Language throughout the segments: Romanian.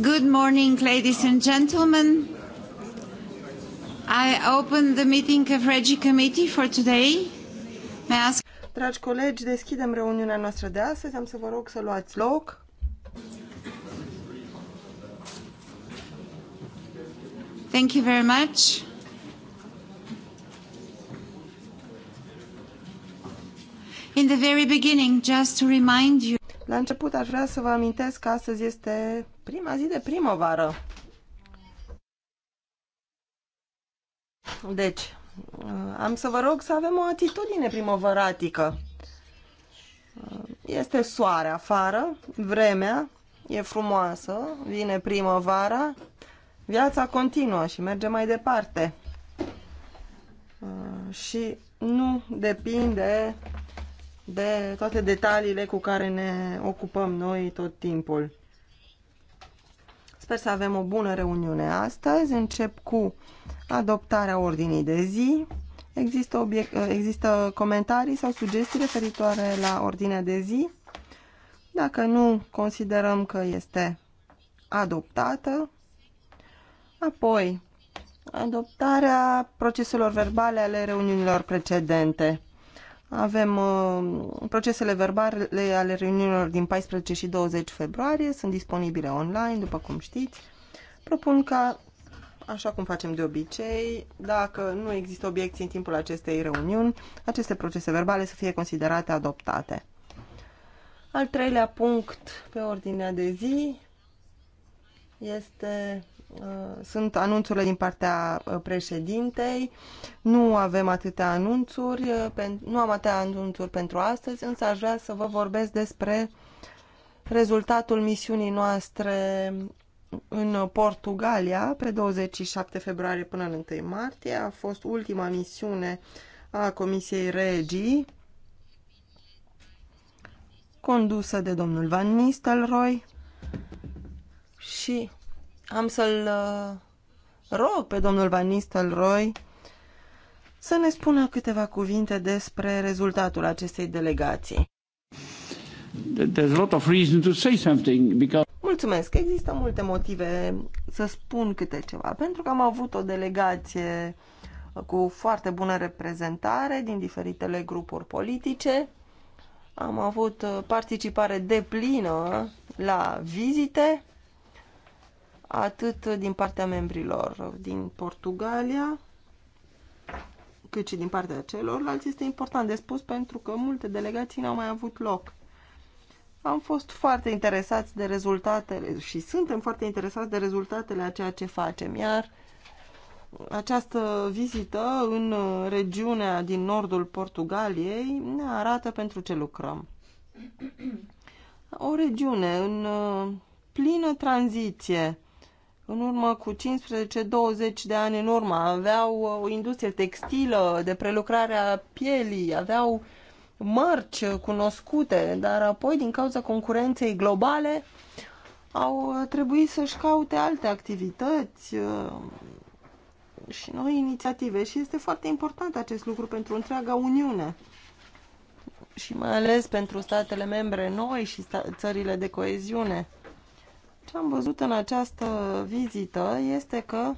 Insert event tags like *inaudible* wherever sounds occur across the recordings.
Good morning, ladies and gentlemen. I open the meeting of Regi Committee for today. May I ask... Dragi colegi, deschidem reuniunea noastră de astăzi. Am să vă rog să luați loc. Thank you very much. In the very beginning, just to remind you. La început aș vrea să vă amintesc că astăzi este prima zi de primăvară. Deci, uh, am să vă rog să avem o atitudine primăvăratică. Uh, este soare afară, vremea e frumoasă, vine primăvara, viața continuă și merge mai departe. Uh, și nu depinde de toate detaliile cu care ne ocupăm noi tot timpul. Sper să avem o bună reuniune astăzi. Încep cu adoptarea ordinii de zi. Există, obiect, există comentarii sau sugestii referitoare la ordinea de zi? Dacă nu considerăm că este adoptată, apoi adoptarea proceselor verbale ale reuniunilor precedente. Avem uh, procesele verbale ale reuniunilor din 14 și 20 februarie, sunt disponibile online, după cum știți. Propun ca, așa cum facem de obicei, dacă nu există obiecții în timpul acestei reuniuni, aceste procese verbale să fie considerate adoptate. Al treilea punct pe ordinea de zi este Uh, sunt anunțurile din partea uh, președintei. Nu avem atâtea anunțuri, uh, nu am atâtea anunțuri pentru astăzi, însă aș vrea să vă vorbesc despre rezultatul misiunii noastre în Portugalia pe 27 februarie până în 1 martie. A fost ultima misiune a Comisiei Regii condusă de domnul Van Nistelrooy și am să-l uh, rog pe domnul Van Nistelrooy să ne spună câteva cuvinte despre rezultatul acestei delegații. lot of to say because... Mulțumesc. Există multe motive să spun câte ceva, pentru că am avut o delegație cu foarte bună reprezentare din diferitele grupuri politice. Am avut uh, participare deplină la vizite atât din partea membrilor din Portugalia, cât și din partea celorlalți, este important de spus pentru că multe delegații n-au mai avut loc. Am fost foarte interesați de rezultatele și suntem foarte interesați de rezultatele a ceea ce facem, iar această vizită în regiunea din nordul Portugaliei ne arată pentru ce lucrăm. O regiune în uh, plină tranziție, în urmă cu 15-20 de ani în urmă aveau uh, o industrie textilă de prelucrare a pielii, aveau mărci cunoscute, dar apoi din cauza concurenței globale au uh, trebuit să-și caute alte activități uh, și noi inițiative și este foarte important acest lucru pentru întreaga Uniune și mai ales pentru statele membre noi și țările de coeziune ce am văzut în această vizită este că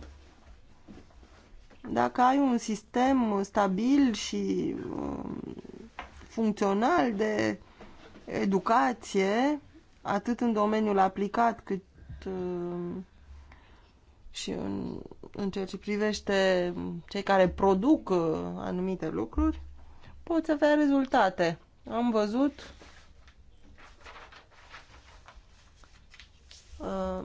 dacă ai un sistem stabil și um, funcțional de educație, atât în domeniul aplicat cât um, și în, în ceea ce privește cei care produc uh, anumite lucruri, poți avea rezultate. Am văzut uh,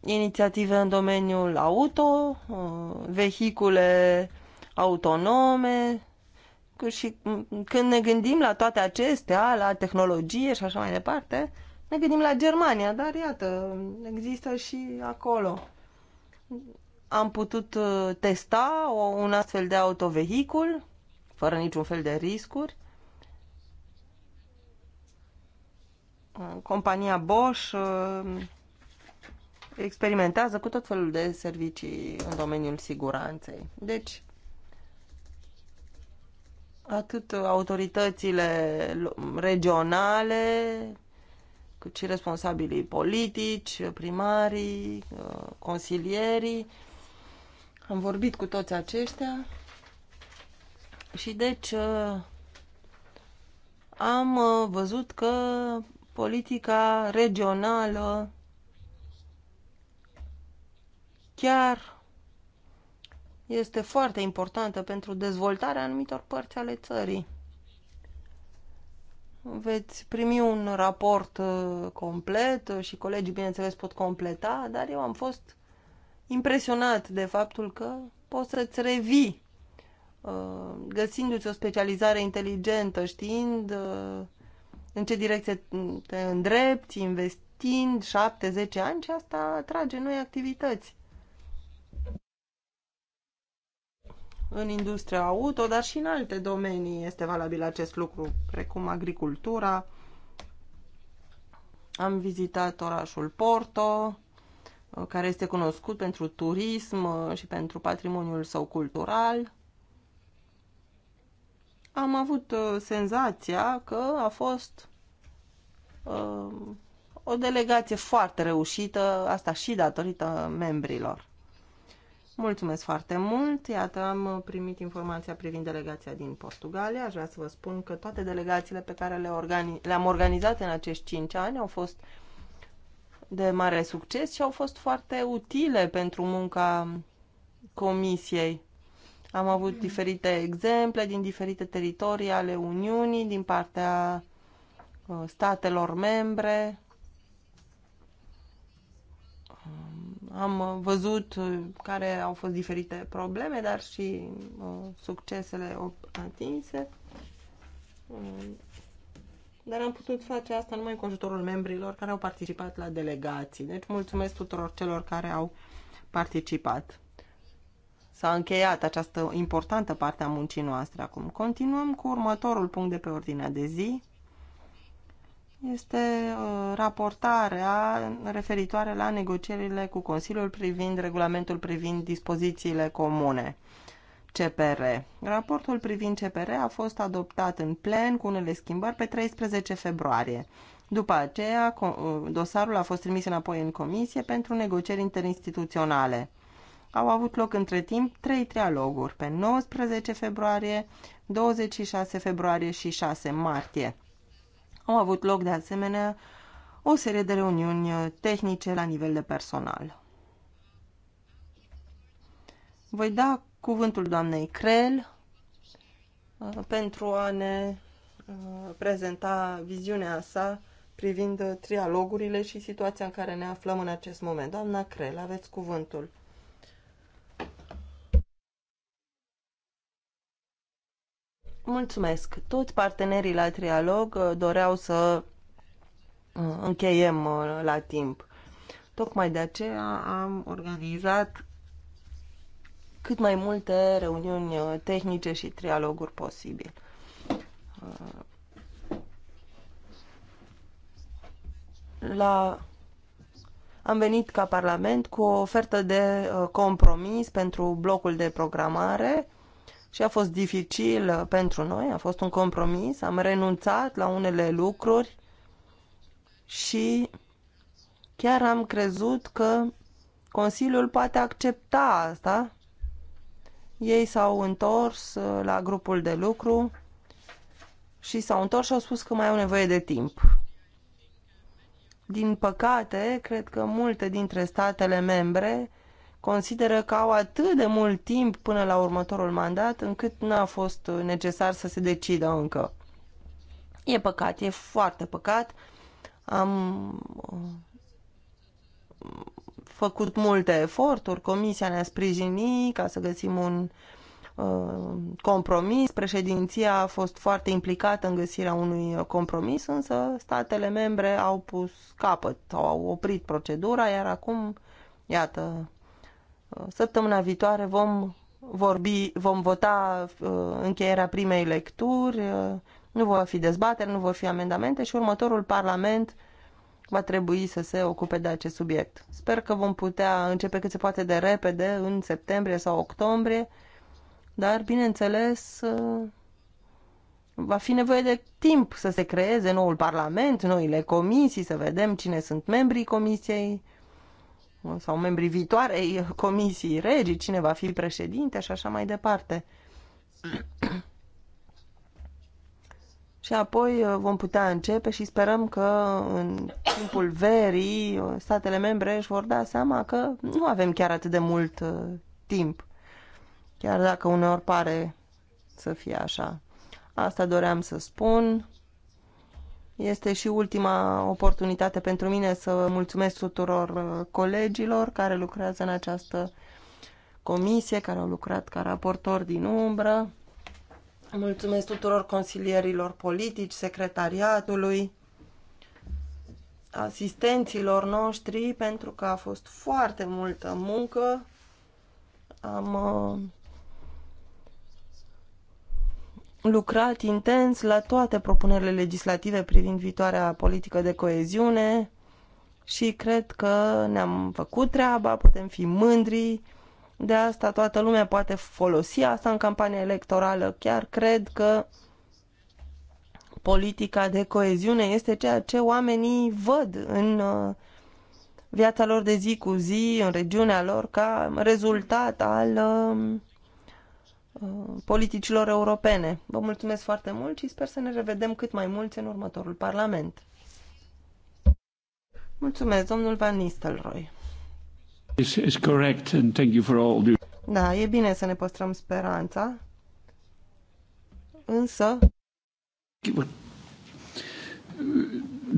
inițiative în domeniul auto, uh, vehicule autonome, și când ne gândim la toate acestea, la tehnologie și așa mai departe, ne gândim la Germania, dar iată, există și acolo. Am putut uh, testa un astfel de autovehicul, fără niciun fel de riscuri, compania Bosch uh, experimentează cu tot felul de servicii în domeniul siguranței. Deci, atât autoritățile regionale, cât și responsabilii politici, primarii, uh, consilierii. Am vorbit cu toți aceștia și deci uh, am văzut că politica regională chiar este foarte importantă pentru dezvoltarea anumitor părți ale țării. Veți primi un raport uh, complet și colegii, bineînțeles, pot completa, dar eu am fost impresionat de faptul că poți să-ți revii uh, găsindu-ți o specializare inteligentă, știind uh, în ce direcție te îndrepti, investind 7-10 ani și asta atrage noi activități. În industria auto, dar și în alte domenii este valabil acest lucru, precum agricultura. Am vizitat orașul Porto, care este cunoscut pentru turism și pentru patrimoniul său cultural am avut uh, senzația că a fost uh, o delegație foarte reușită, asta și datorită membrilor. Mulțumesc foarte mult! Iată, am primit informația privind delegația din Portugalia. Aș vrea să vă spun că toate delegațiile pe care le organi- le-am organizat în acești 5 ani au fost de mare succes și au fost foarte utile pentru munca comisiei. Am avut diferite exemple din diferite teritorii ale Uniunii, din partea uh, statelor membre. Um, am uh, văzut uh, care au fost diferite probleme, dar și succesele atinse. Um, dar am putut face asta numai cu ajutorul membrilor care au participat la delegații. Deci mulțumesc tuturor celor care au participat. S-a încheiat această importantă parte a muncii noastre acum. Continuăm cu următorul punct de pe ordinea de zi. Este uh, raportarea referitoare la negocierile cu Consiliul privind regulamentul privind dispozițiile comune. CPR. Raportul privind CPR a fost adoptat în plen cu unele schimbări pe 13 februarie. După aceea, uh, dosarul a fost trimis înapoi în comisie pentru negocieri interinstituționale. Au avut loc între timp trei trialoguri pe 19 februarie, 26 februarie și 6 martie. Au avut loc de asemenea o serie de reuniuni tehnice la nivel de personal. Voi da cuvântul doamnei Crel uh, pentru a ne uh, prezenta viziunea sa privind trialogurile și situația în care ne aflăm în acest moment. Doamna Crel, aveți cuvântul. Mulțumesc. Toți partenerii la trialog uh, doreau să uh, încheiem uh, la timp. Tocmai de aceea am organizat cât mai multe reuniuni tehnice și trialoguri posibil. La... Am venit ca Parlament cu o ofertă de compromis pentru blocul de programare și a fost dificil uh, pentru noi, a fost un compromis, am renunțat la unele lucruri și chiar am crezut că Consiliul poate accepta asta. Ei s-au întors uh, la grupul de lucru și s-au întors și au spus că mai au nevoie de timp. Din păcate, cred că multe dintre statele membre consideră că au atât de mult timp până la următorul mandat încât n-a fost necesar să se decidă încă. E păcat, e foarte păcat. Am uh, făcut multe eforturi, comisia ne-a sprijinit ca să găsim un uh, compromis. Președinția a fost foarte implicată în găsirea unui compromis, însă statele membre au pus capăt, au oprit procedura, iar acum, iată, Săptămâna viitoare vom vorbi, vom vota uh, încheierea primei lecturi, uh, nu vor fi dezbateri, nu vor fi amendamente și următorul Parlament va trebui să se ocupe de acest subiect. Sper că vom putea începe cât se poate de repede, în septembrie sau octombrie, dar, bineînțeles, uh, va fi nevoie de timp să se creeze noul Parlament, noile comisii, să vedem cine sunt membrii comisiei, sau membrii viitoarei comisii regii, cine va fi președinte și așa mai departe. *clears throat* și apoi uh, vom putea începe și sperăm că în timpul verii uh, statele membre își vor da seama că nu avem chiar atât de mult uh, timp, chiar dacă uneori pare să fie așa. Asta doream să spun. Este și ultima oportunitate pentru mine să mulțumesc tuturor uh, colegilor care lucrează în această comisie, care au lucrat ca raportor din umbră. Mulțumesc tuturor consilierilor politici, secretariatului, asistenților noștri, pentru că a fost foarte multă muncă. Am uh, lucrat intens la toate propunerile legislative privind viitoarea politică de coeziune și cred că ne-am făcut treaba, putem fi mândri de asta, toată lumea poate folosi asta în campania electorală. Chiar cred că politica de coeziune este ceea ce oamenii văd în uh, viața lor de zi cu zi, în regiunea lor, ca rezultat al uh, Uh, politicilor europene. Vă mulțumesc foarte mult și sper să ne revedem cât mai mulți în următorul Parlament. Mulțumesc, domnul Van Nistelrooy. Is, is correct and thank you for all Da, e bine să ne păstrăm speranța, însă...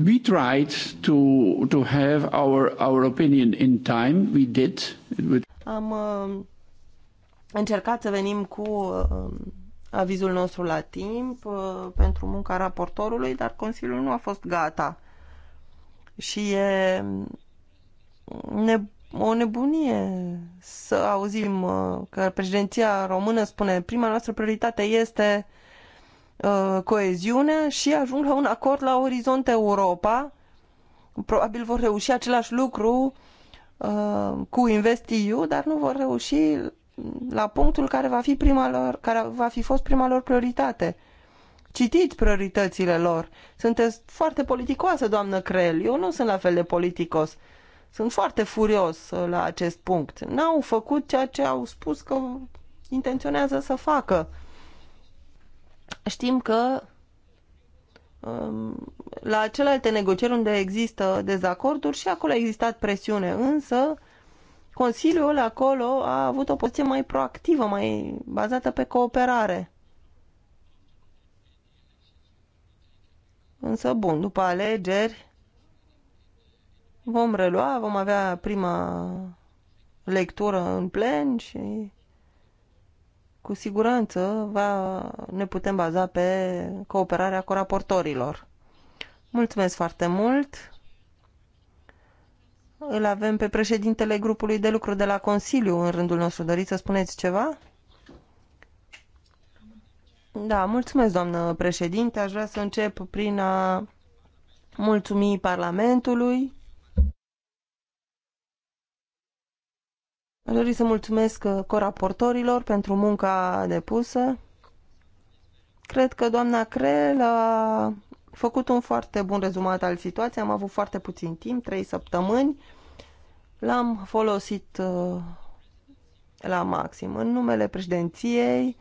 We tried to, to have our, our opinion in time. We did. Am uh, încercat să venim cu um, avizul nostru la timp uh, pentru munca raportorului, dar Consiliul nu a fost gata. Și e ne, o nebunie să auzim uh, că președinția română spune prima noastră prioritate este uh, coeziune și ajung la un acord la Orizont Europa. Probabil vor reuși același lucru cu InvestEU, dar nu vor reuși la punctul care va fi, prima lor, care va fi fost prima lor prioritate. Citiți prioritățile lor. Sunteți foarte politicoasă, doamnă Crel. Eu nu sunt la fel de politicos. Sunt foarte furios uh, la acest punct. N-au făcut ceea ce au spus că intenționează să facă. Știm că um, la celelalte negocieri unde există dezacorduri și acolo a existat presiune, însă Consiliul acolo a avut o poziție mai proactivă, mai bazată pe cooperare. Însă, bun, după alegeri vom relua, vom avea prima lectură în plen și cu siguranță va, ne putem baza pe cooperarea cu raportorilor. Mulțumesc foarte mult! Îl avem pe președintele grupului de lucru de la Consiliu în rândul nostru. Doriți să spuneți ceva? Da, mulțumesc, doamnă președinte. Aș vrea să încep prin a mulțumi Parlamentului. Aș dori să mulțumesc coraportorilor pentru munca depusă. Cred că doamna Crel a făcut un foarte bun rezumat al situației, am avut foarte puțin timp, trei săptămâni, l-am folosit uh, la maxim. În numele președinției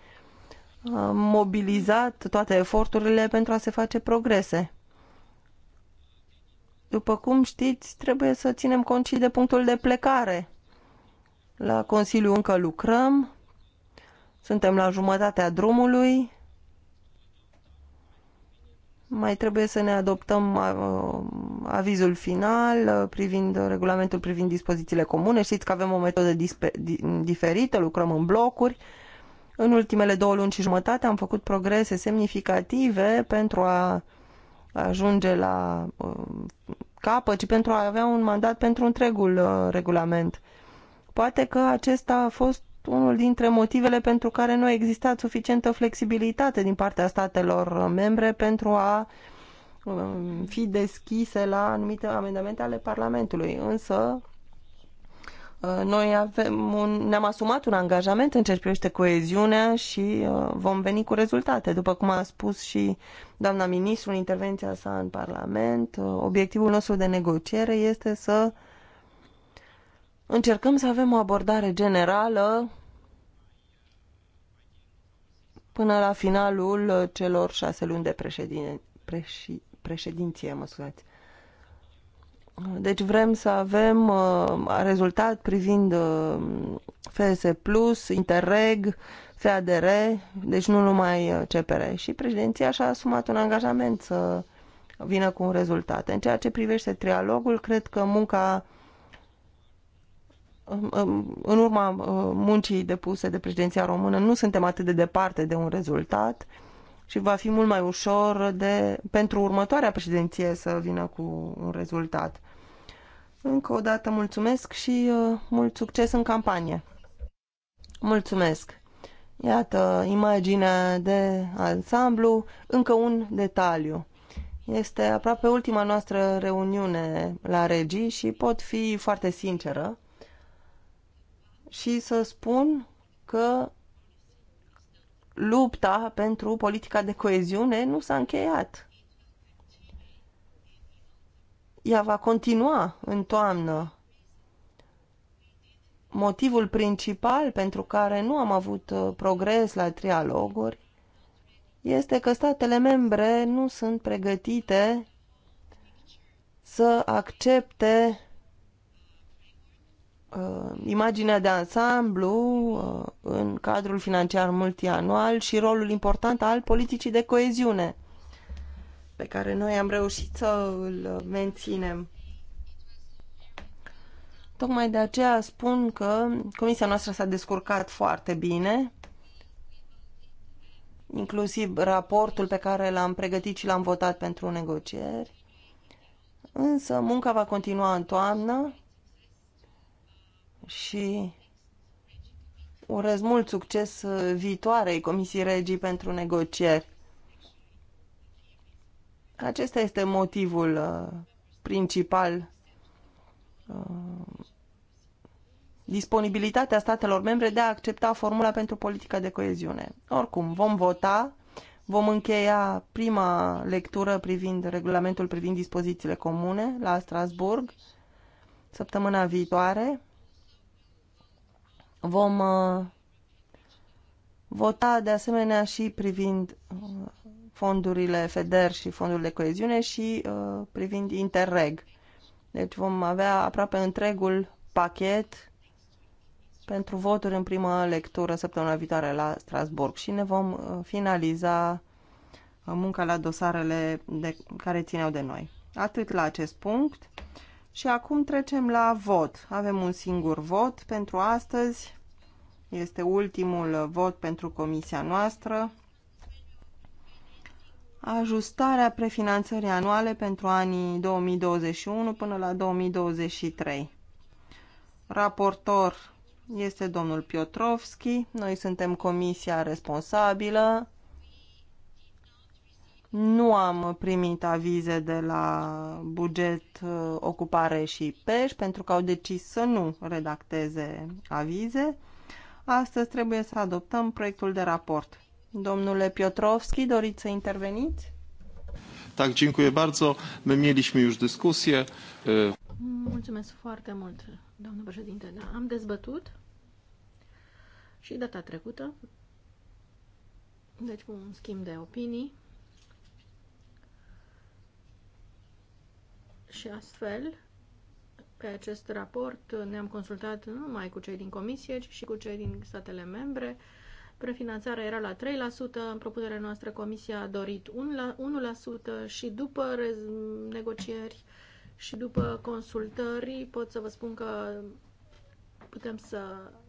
am mobilizat toate eforturile pentru a se face progrese. După cum știți, trebuie să ținem cont și de punctul de plecare. La Consiliu încă lucrăm, suntem la jumătatea drumului, mai trebuie să ne adoptăm uh, avizul final uh, privind regulamentul privind dispozițiile comune. Știți că avem o metodă diferită, lucrăm în blocuri. În ultimele două luni și jumătate am făcut progrese semnificative pentru a ajunge la uh, capăt, ci pentru a avea un mandat pentru întregul regulament. Poate că acesta a fost unul dintre motivele pentru care nu a existat suficientă flexibilitate din partea statelor membre pentru a um, fi deschise la anumite amendamente ale Parlamentului. Însă, uh, noi ne-am asumat un angajament în ce privește coeziunea și uh, vom veni cu rezultate. După cum a spus și doamna ministru în intervenția sa în Parlament, uh, obiectivul nostru de negociere este să încercăm să avem o abordare generală până la finalul uh, celor șase luni de președin... președinție. Mă scuzați. Deci vrem să avem uh, rezultat privind uh, FS+, Interreg, FADR, deci nu numai uh, CPR. Și președinția și-a asumat un angajament să vină cu un rezultat. În ceea ce privește trialogul, cred că munca în urma uh, muncii depuse de președinția română, nu suntem atât de departe de un rezultat și va fi mult mai ușor de, pentru următoarea președinție să vină cu un rezultat. Încă o dată mulțumesc și uh, mult succes în campanie. Mulțumesc! Iată imaginea de ansamblu, încă un detaliu. Este aproape ultima noastră reuniune la regii și pot fi foarte sinceră și să spun că lupta pentru politica de coeziune nu s-a încheiat. Ea va continua în toamnă. Motivul principal pentru care nu am avut uh, progres la trialoguri este că statele membre nu sunt pregătite să accepte uh, imaginea de ansamblu uh, în cadrul financiar multianual și rolul important al politicii de coeziune pe care noi am reușit să îl menținem. Tocmai de aceea spun că comisia noastră s-a descurcat foarte bine, inclusiv raportul pe care l-am pregătit și l-am votat pentru negocieri. Însă munca va continua în toamnă și urez mult succes uh, viitoarei Comisii Regii pentru negocieri. Acesta este motivul uh, principal. Uh, disponibilitatea statelor membre de a accepta formula pentru politica de coeziune. Oricum, vom vota, vom încheia prima lectură privind regulamentul privind dispozițiile comune la Strasburg săptămâna viitoare Vom uh, vota de asemenea și privind uh, fondurile FEDER și fondurile de coeziune și uh, privind Interreg. Deci vom avea aproape întregul pachet pentru voturi în prima lectură săptămâna viitoare la Strasburg și ne vom finaliza munca la dosarele de care țineau de noi. Atât la acest punct. Și acum trecem la vot. Avem un singur vot pentru astăzi. Este ultimul vot pentru comisia noastră. Ajustarea prefinanțării anuale pentru anii 2021 până la 2023. Raportor este domnul Piotrovski. Noi suntem comisia responsabilă nu am primit avize de la buget, uh, ocupare și peș pentru că au decis să nu redacteze avize. Astăzi trebuie să adoptăm proiectul de raport. Domnule Piotrowski, doriți să interveniți? Tak, dziękuję bardzo. My mieliśmy już dyskusję. Mulțumesc foarte mult, doamnă președinte. Da, am dezbătut și data trecută. Deci, un schimb de opinii Și astfel, pe acest raport ne-am consultat nu numai cu cei din comisie, ci și cu cei din statele membre. Prefinanțarea era la 3%, în propunerea noastră comisia a dorit 1% și după negocieri și după consultări pot să vă spun că putem să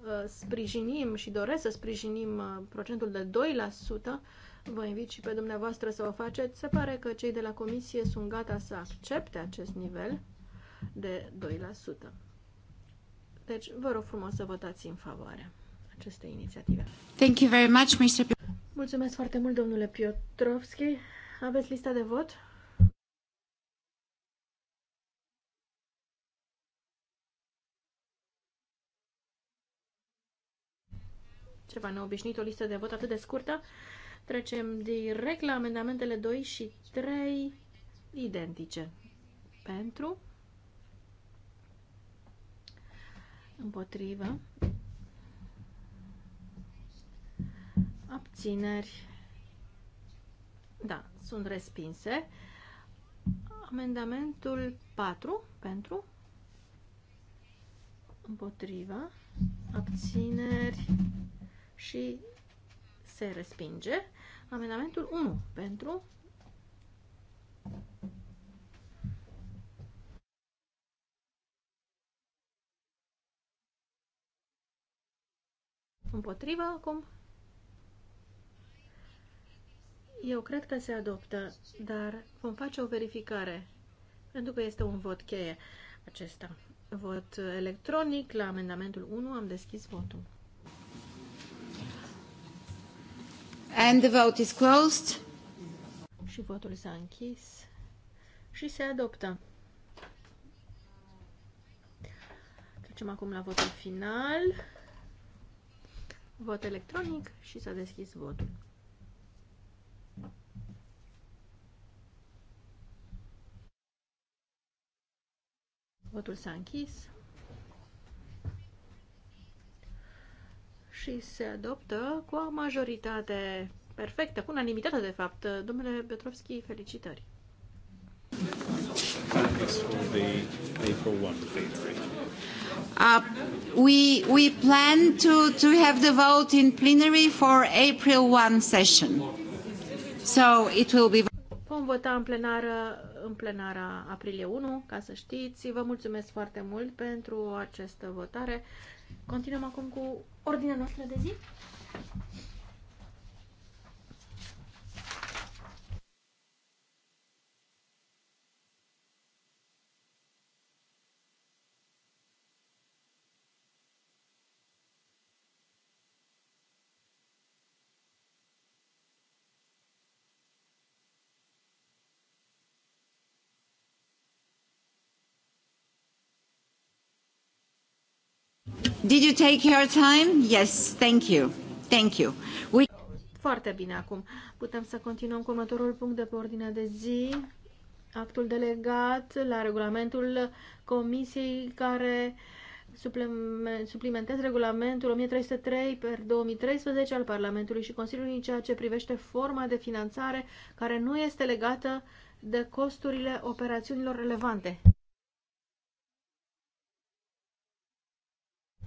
uh, sprijinim și doresc să sprijinim uh, procentul de 2%, Vă invit și pe dumneavoastră să o faceți. Se pare că cei de la comisie sunt gata să accepte acest nivel de 2%. Deci, vă rog frumos să votați în favoare acestei inițiative. Thank you very much, Mr. Mulțumesc foarte mult, domnule Piotrovski. Aveți lista de vot? Ceva neobișnuit, o listă de vot atât de scurtă. Trecem direct la amendamentele 2 și 3 identice. Pentru, împotrivă, abțineri, da, sunt respinse. Amendamentul 4 pentru împotriva abțineri și se respinge. Amendamentul 1 pentru Împotrivă acum? Eu cred că se adoptă, dar vom face o verificare, pentru că este un vot cheie acesta. Vot electronic la amendamentul 1, am deschis votul. And the vote is closed. Și votul s-a închis și se adoptă. Trecem acum la votul final. Vot electronic și s-a deschis votul. Votul s-a închis și se adoptă cu o majoritate perfectă, cu unanimitate de fapt. Domnule Petrovski, felicitări! Uh, we, we plan to, to have the vote in plenary for April 1 session. So it will be... Vom vota în plenară în plenara aprilie 1, ca să știți. Vă mulțumesc foarte mult pentru această votare. Continuăm acum cu ordinea noastră de zi. Did you take your time? Yes, thank you. Thank you. We... Foarte bine acum. Putem să continuăm cu următorul punct de pe ordinea de zi. Actul delegat la regulamentul comisiei care suplimentez regulamentul 1303 per 2013 al Parlamentului și Consiliului în ceea ce privește forma de finanțare care nu este legată de costurile operațiunilor relevante.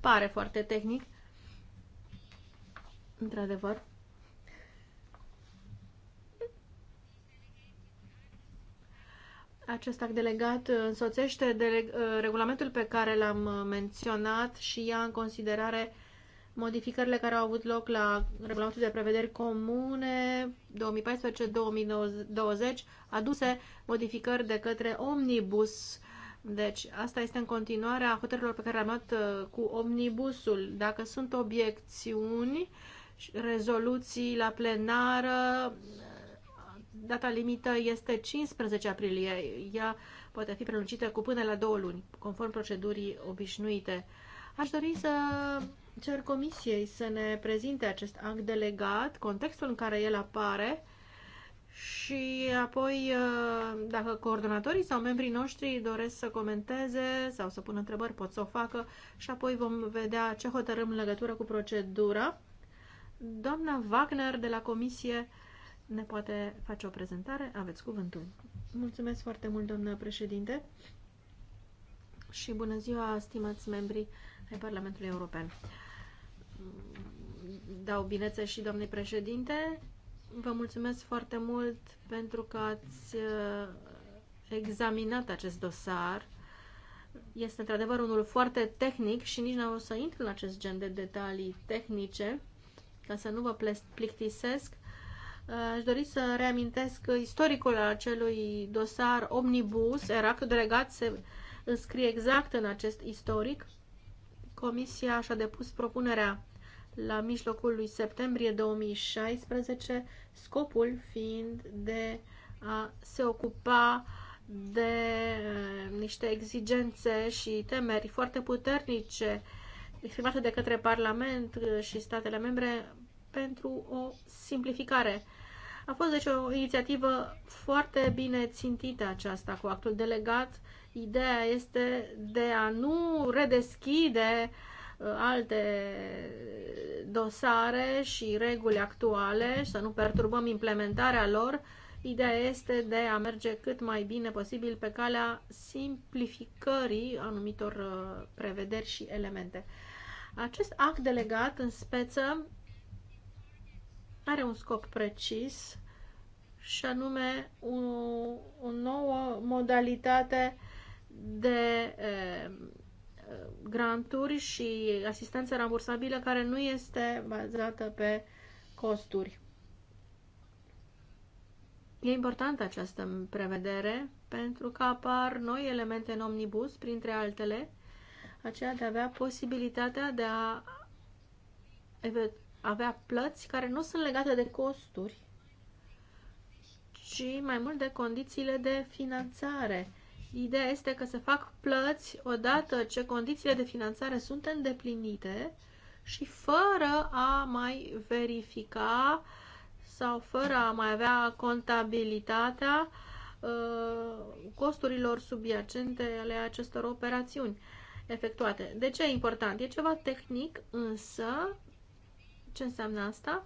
Pare foarte tehnic. Într-adevăr. Acest act delegat însoțește de regulamentul pe care l-am menționat și ia în considerare modificările care au avut loc la regulamentul de prevederi comune 2014-2020, aduse modificări de către Omnibus deci, asta este în continuare a hotărârilor pe care le-am luat uh, cu omnibusul. Dacă sunt obiecțiuni, rezoluții la plenară, uh, data limită este 15 aprilie. Ea poate fi prelungită cu până la două luni, conform procedurii obișnuite. Aș dori să cer comisiei să ne prezinte acest act delegat, contextul în care el apare, și apoi, uh, dacă coordonatorii sau membrii noștri doresc să comenteze sau să pună întrebări, pot să o facă și apoi vom vedea ce hotărâm în legătură cu procedura. Doamna Wagner de la Comisie ne poate face o prezentare. Aveți cuvântul. Mulțumesc foarte mult, doamnă președinte, și bună ziua, stimați membrii ai Parlamentului European. Dau binețe și doamnei președinte Vă mulțumesc foarte mult pentru că ați uh, examinat acest dosar. Este într-adevăr unul foarte tehnic și nici nu o să intru în acest gen de detalii tehnice, ca să nu vă plictisesc. Uh, aș dori să reamintesc istoricul acelui dosar omnibus, era cu delegat se înscrie exact în acest istoric. Comisia și-a depus propunerea la mijlocul lui septembrie 2016, scopul fiind de a se ocupa de uh, niște exigențe și temeri foarte puternice exprimate de către Parlament uh, și statele membre pentru o simplificare. A fost deci o inițiativă foarte bine țintită aceasta cu actul delegat. Ideea este de a nu redeschide uh, Uh, alte dosare și reguli actuale, să nu perturbăm implementarea lor. Ideea este de a merge cât mai bine posibil pe calea simplificării anumitor uh, prevederi și elemente. Acest act delegat în speță are un scop precis și anume o, o nouă modalitate de uh, granturi și asistență rambursabilă care nu este bazată pe costuri. E importantă această prevedere pentru că apar noi elemente în omnibus, printre altele, aceea de a avea posibilitatea de a avea plăți care nu sunt legate de costuri, ci mai mult de condițiile de finanțare. Ideea este că se fac plăți odată ce condițiile de finanțare sunt îndeplinite și fără a mai verifica sau fără a mai avea contabilitatea uh, costurilor subiacente ale acestor operațiuni efectuate. De ce e important? E ceva tehnic, însă ce înseamnă asta?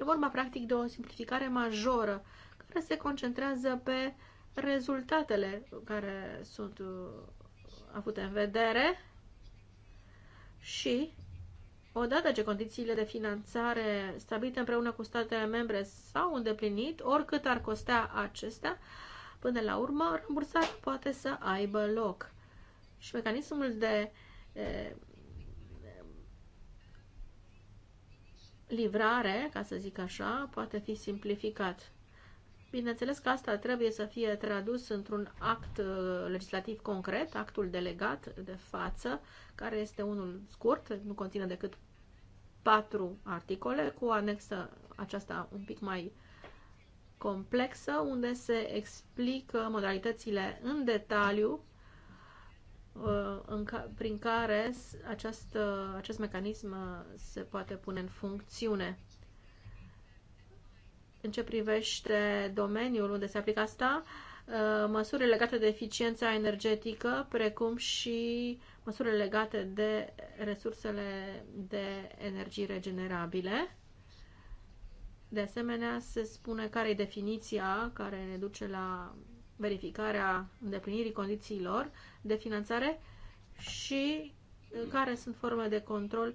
E vorba practic de o simplificare majoră care se concentrează pe uh, rezultatele care sunt uh, avute în vedere și Odată ce condițiile de finanțare stabilite împreună cu statele membre s-au îndeplinit, oricât ar costea acestea, până la urmă, rambursarea poate să aibă loc. Și mecanismul de e, livrare, ca să zic așa, poate fi simplificat. Bineînțeles că asta trebuie să fie tradus într-un act uh, legislativ concret, actul delegat de față, care este unul scurt, nu conține decât patru articole, cu anexă aceasta un pic mai complexă, unde se explică modalitățile în detaliu uh, în ca, prin care acest, acest mecanism uh, se poate pune în funcțiune în ce privește domeniul unde se aplică asta, uh, măsuri legate de eficiența energetică, precum și măsurile legate de resursele de energii regenerabile. De asemenea, se spune care e definiția care ne duce la verificarea îndeplinirii condițiilor de finanțare și care sunt forme de control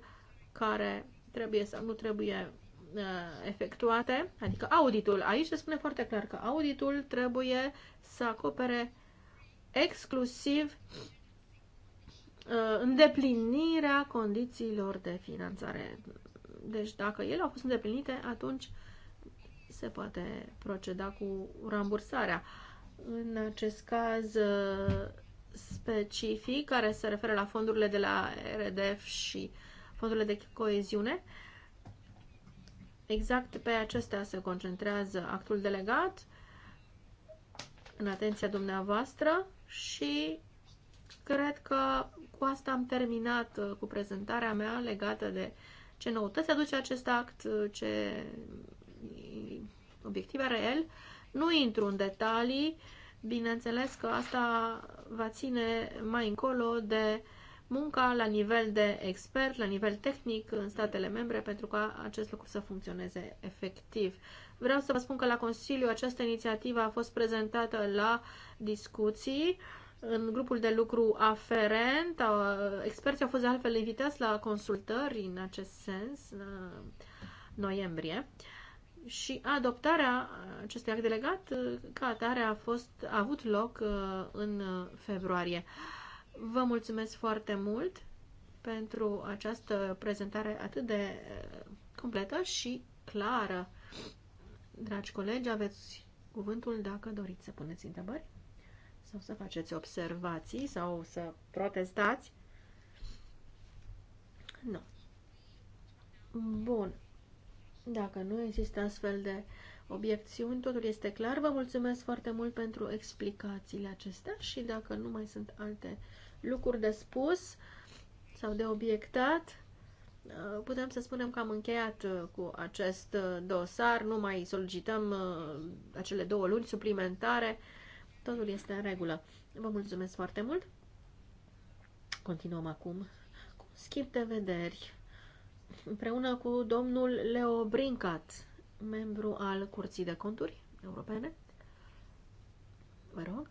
care trebuie sau nu trebuie Uh, efectuate, adică auditul. Aici se spune foarte clar că auditul trebuie să acopere exclusiv uh, îndeplinirea condițiilor de finanțare. Deci dacă ele au fost îndeplinite, atunci se poate proceda cu rambursarea. În acest caz uh, specific, care se referă la fondurile de la RDF și fondurile de coeziune, uh, Exact pe acestea se concentrează actul delegat în atenția dumneavoastră și cred că cu asta am terminat uh, cu prezentarea mea legată de ce noutăți aduce acest act, uh, ce obiective are el. Nu intru în detalii, bineînțeles că asta va ține mai încolo de munca la nivel de expert, la nivel tehnic în statele membre pentru ca acest lucru să funcționeze efectiv. Vreau să vă spun că la Consiliu această inițiativă a fost prezentată la discuții în grupul de lucru aferent. Experții au fost de altfel invitați la consultări în acest sens în uh, noiembrie și adoptarea acestui act delegat uh, ca atare a, fost, a avut loc uh, în februarie. Vă mulțumesc foarte mult pentru această prezentare atât de eh, completă și clară. Dragi colegi, aveți cuvântul dacă doriți să puneți întrebări sau să faceți observații sau să protestați. Nu. Bun. Dacă nu există astfel de obiecțiuni, totul este clar. Vă mulțumesc foarte mult pentru explicațiile acestea și dacă nu mai sunt alte lucruri de spus sau de obiectat. Uh, putem să spunem că am încheiat uh, cu acest uh, dosar, nu mai solicităm acele două luni suplimentare, totul este în regulă. Vă mulțumesc foarte mult! Continuăm acum cu schimb de vederi împreună cu domnul Leo Brincat, membru al Curții de Conturi Europene. Vă rog.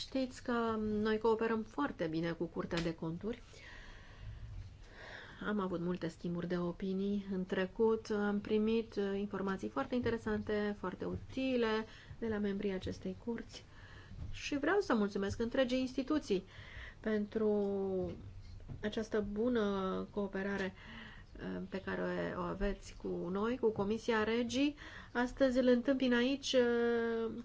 Știți că noi cooperăm foarte bine cu Curtea de Conturi. Am avut multe schimburi de opinii în trecut, am primit informații foarte interesante, foarte utile de la membrii acestei curți și vreau să mulțumesc întregii instituții pentru această bună cooperare Eh, pe care o aveți cu noi, cu Comisia Regii. Astăzi îl întâmpin aici eh,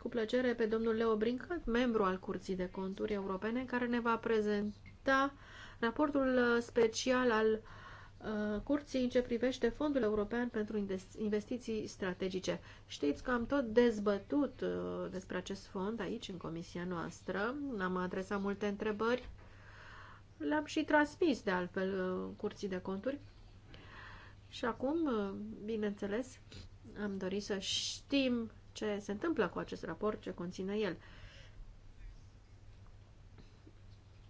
cu plăcere pe domnul Leo Brincă, membru al Curții de Conturi Europene, care ne va prezenta raportul eh, special al Curții în ce privește Fondul European pentru Investiții Strategice. Știți că am tot dezbătut despre acest fond aici, în comisia noastră. Am adresat multe întrebări. Le-am și transmis, de altfel, Curții de Conturi și acum, bineînțeles, am dorit să știm ce se întâmplă cu acest raport, ce conține el.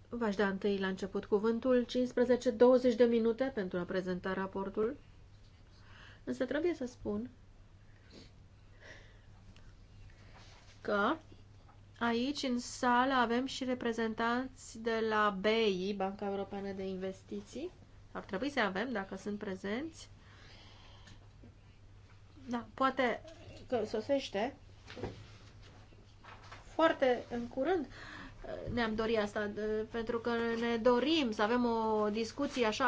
V-aș da întâi la început cuvântul 15-20 de minute pentru a prezenta raportul. Însă trebuie să spun că aici în sală avem și reprezentanți de la BEI, Banca Europeană de Investiții, ar trebui să avem, dacă sunt prezenți. Da, poate că sosește foarte în curând uh, ne-am dorit asta, pentru că ne dorim să avem o discuție așa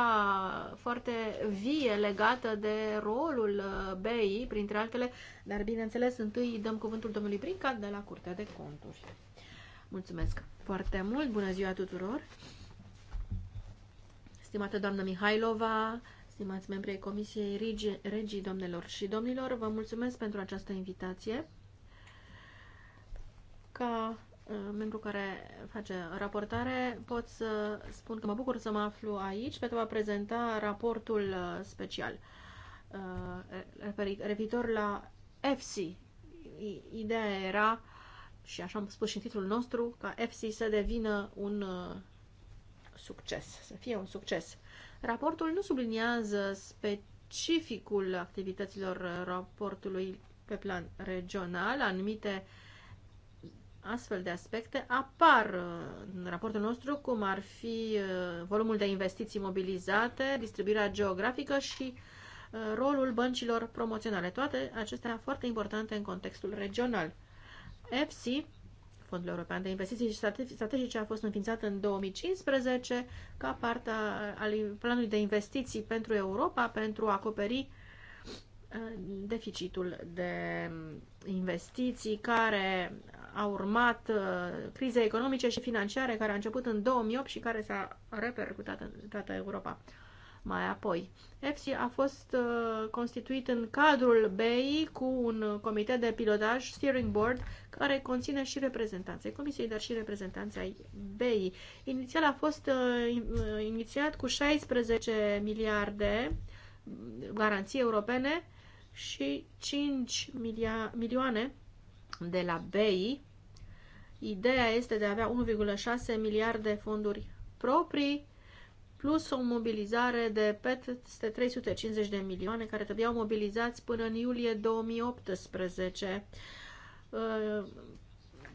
foarte vie legată de rolul uh, BEI, printre altele, dar bineînțeles întâi dăm cuvântul domnului Brincat de la Curtea de Conturi. Mulțumesc foarte mult, bună ziua tuturor! Stimată doamnă Mihailova, stimați membrii Comisiei Regii, Regii, domnilor și domnilor, vă mulțumesc pentru această invitație. Ca uh, membru care face raportare, pot să spun că mă bucur să mă aflu aici pentru a prezenta raportul uh, special uh, referitor la FC. Ideea era, și așa am spus și în titlul nostru, ca FC să devină un succes, să fie un succes. Raportul nu subliniază specificul activităților raportului pe plan regional, anumite astfel de aspecte apar în raportul nostru, cum ar fi uh, volumul de investiții mobilizate, distribuirea geografică și uh, rolul băncilor promoționale. Toate acestea foarte importante în contextul regional. EFSI Fondul European de Investiții și Strategice a fost înființat în 2015 ca parte al planului de investiții pentru Europa pentru a acoperi uh, deficitul de investiții care a urmat uh, crize economice și financiare care a început în 2008 și care s-a repercutat în toată Europa mai apoi. EFSI a fost uh, constituit în cadrul BEI cu un comitet de pilotaj, steering board, care conține și reprezentanțe Comisiei, dar și reprezentanțe ai BEI. Inițial a fost uh, uh, inițiat cu 16 miliarde garanții europene și 5 milioane de la BEI. Ideea este de a avea 1,6 miliarde fonduri proprii plus o mobilizare de peste 350 de milioane care trebuiau mobilizați până în iulie 2018. Uh,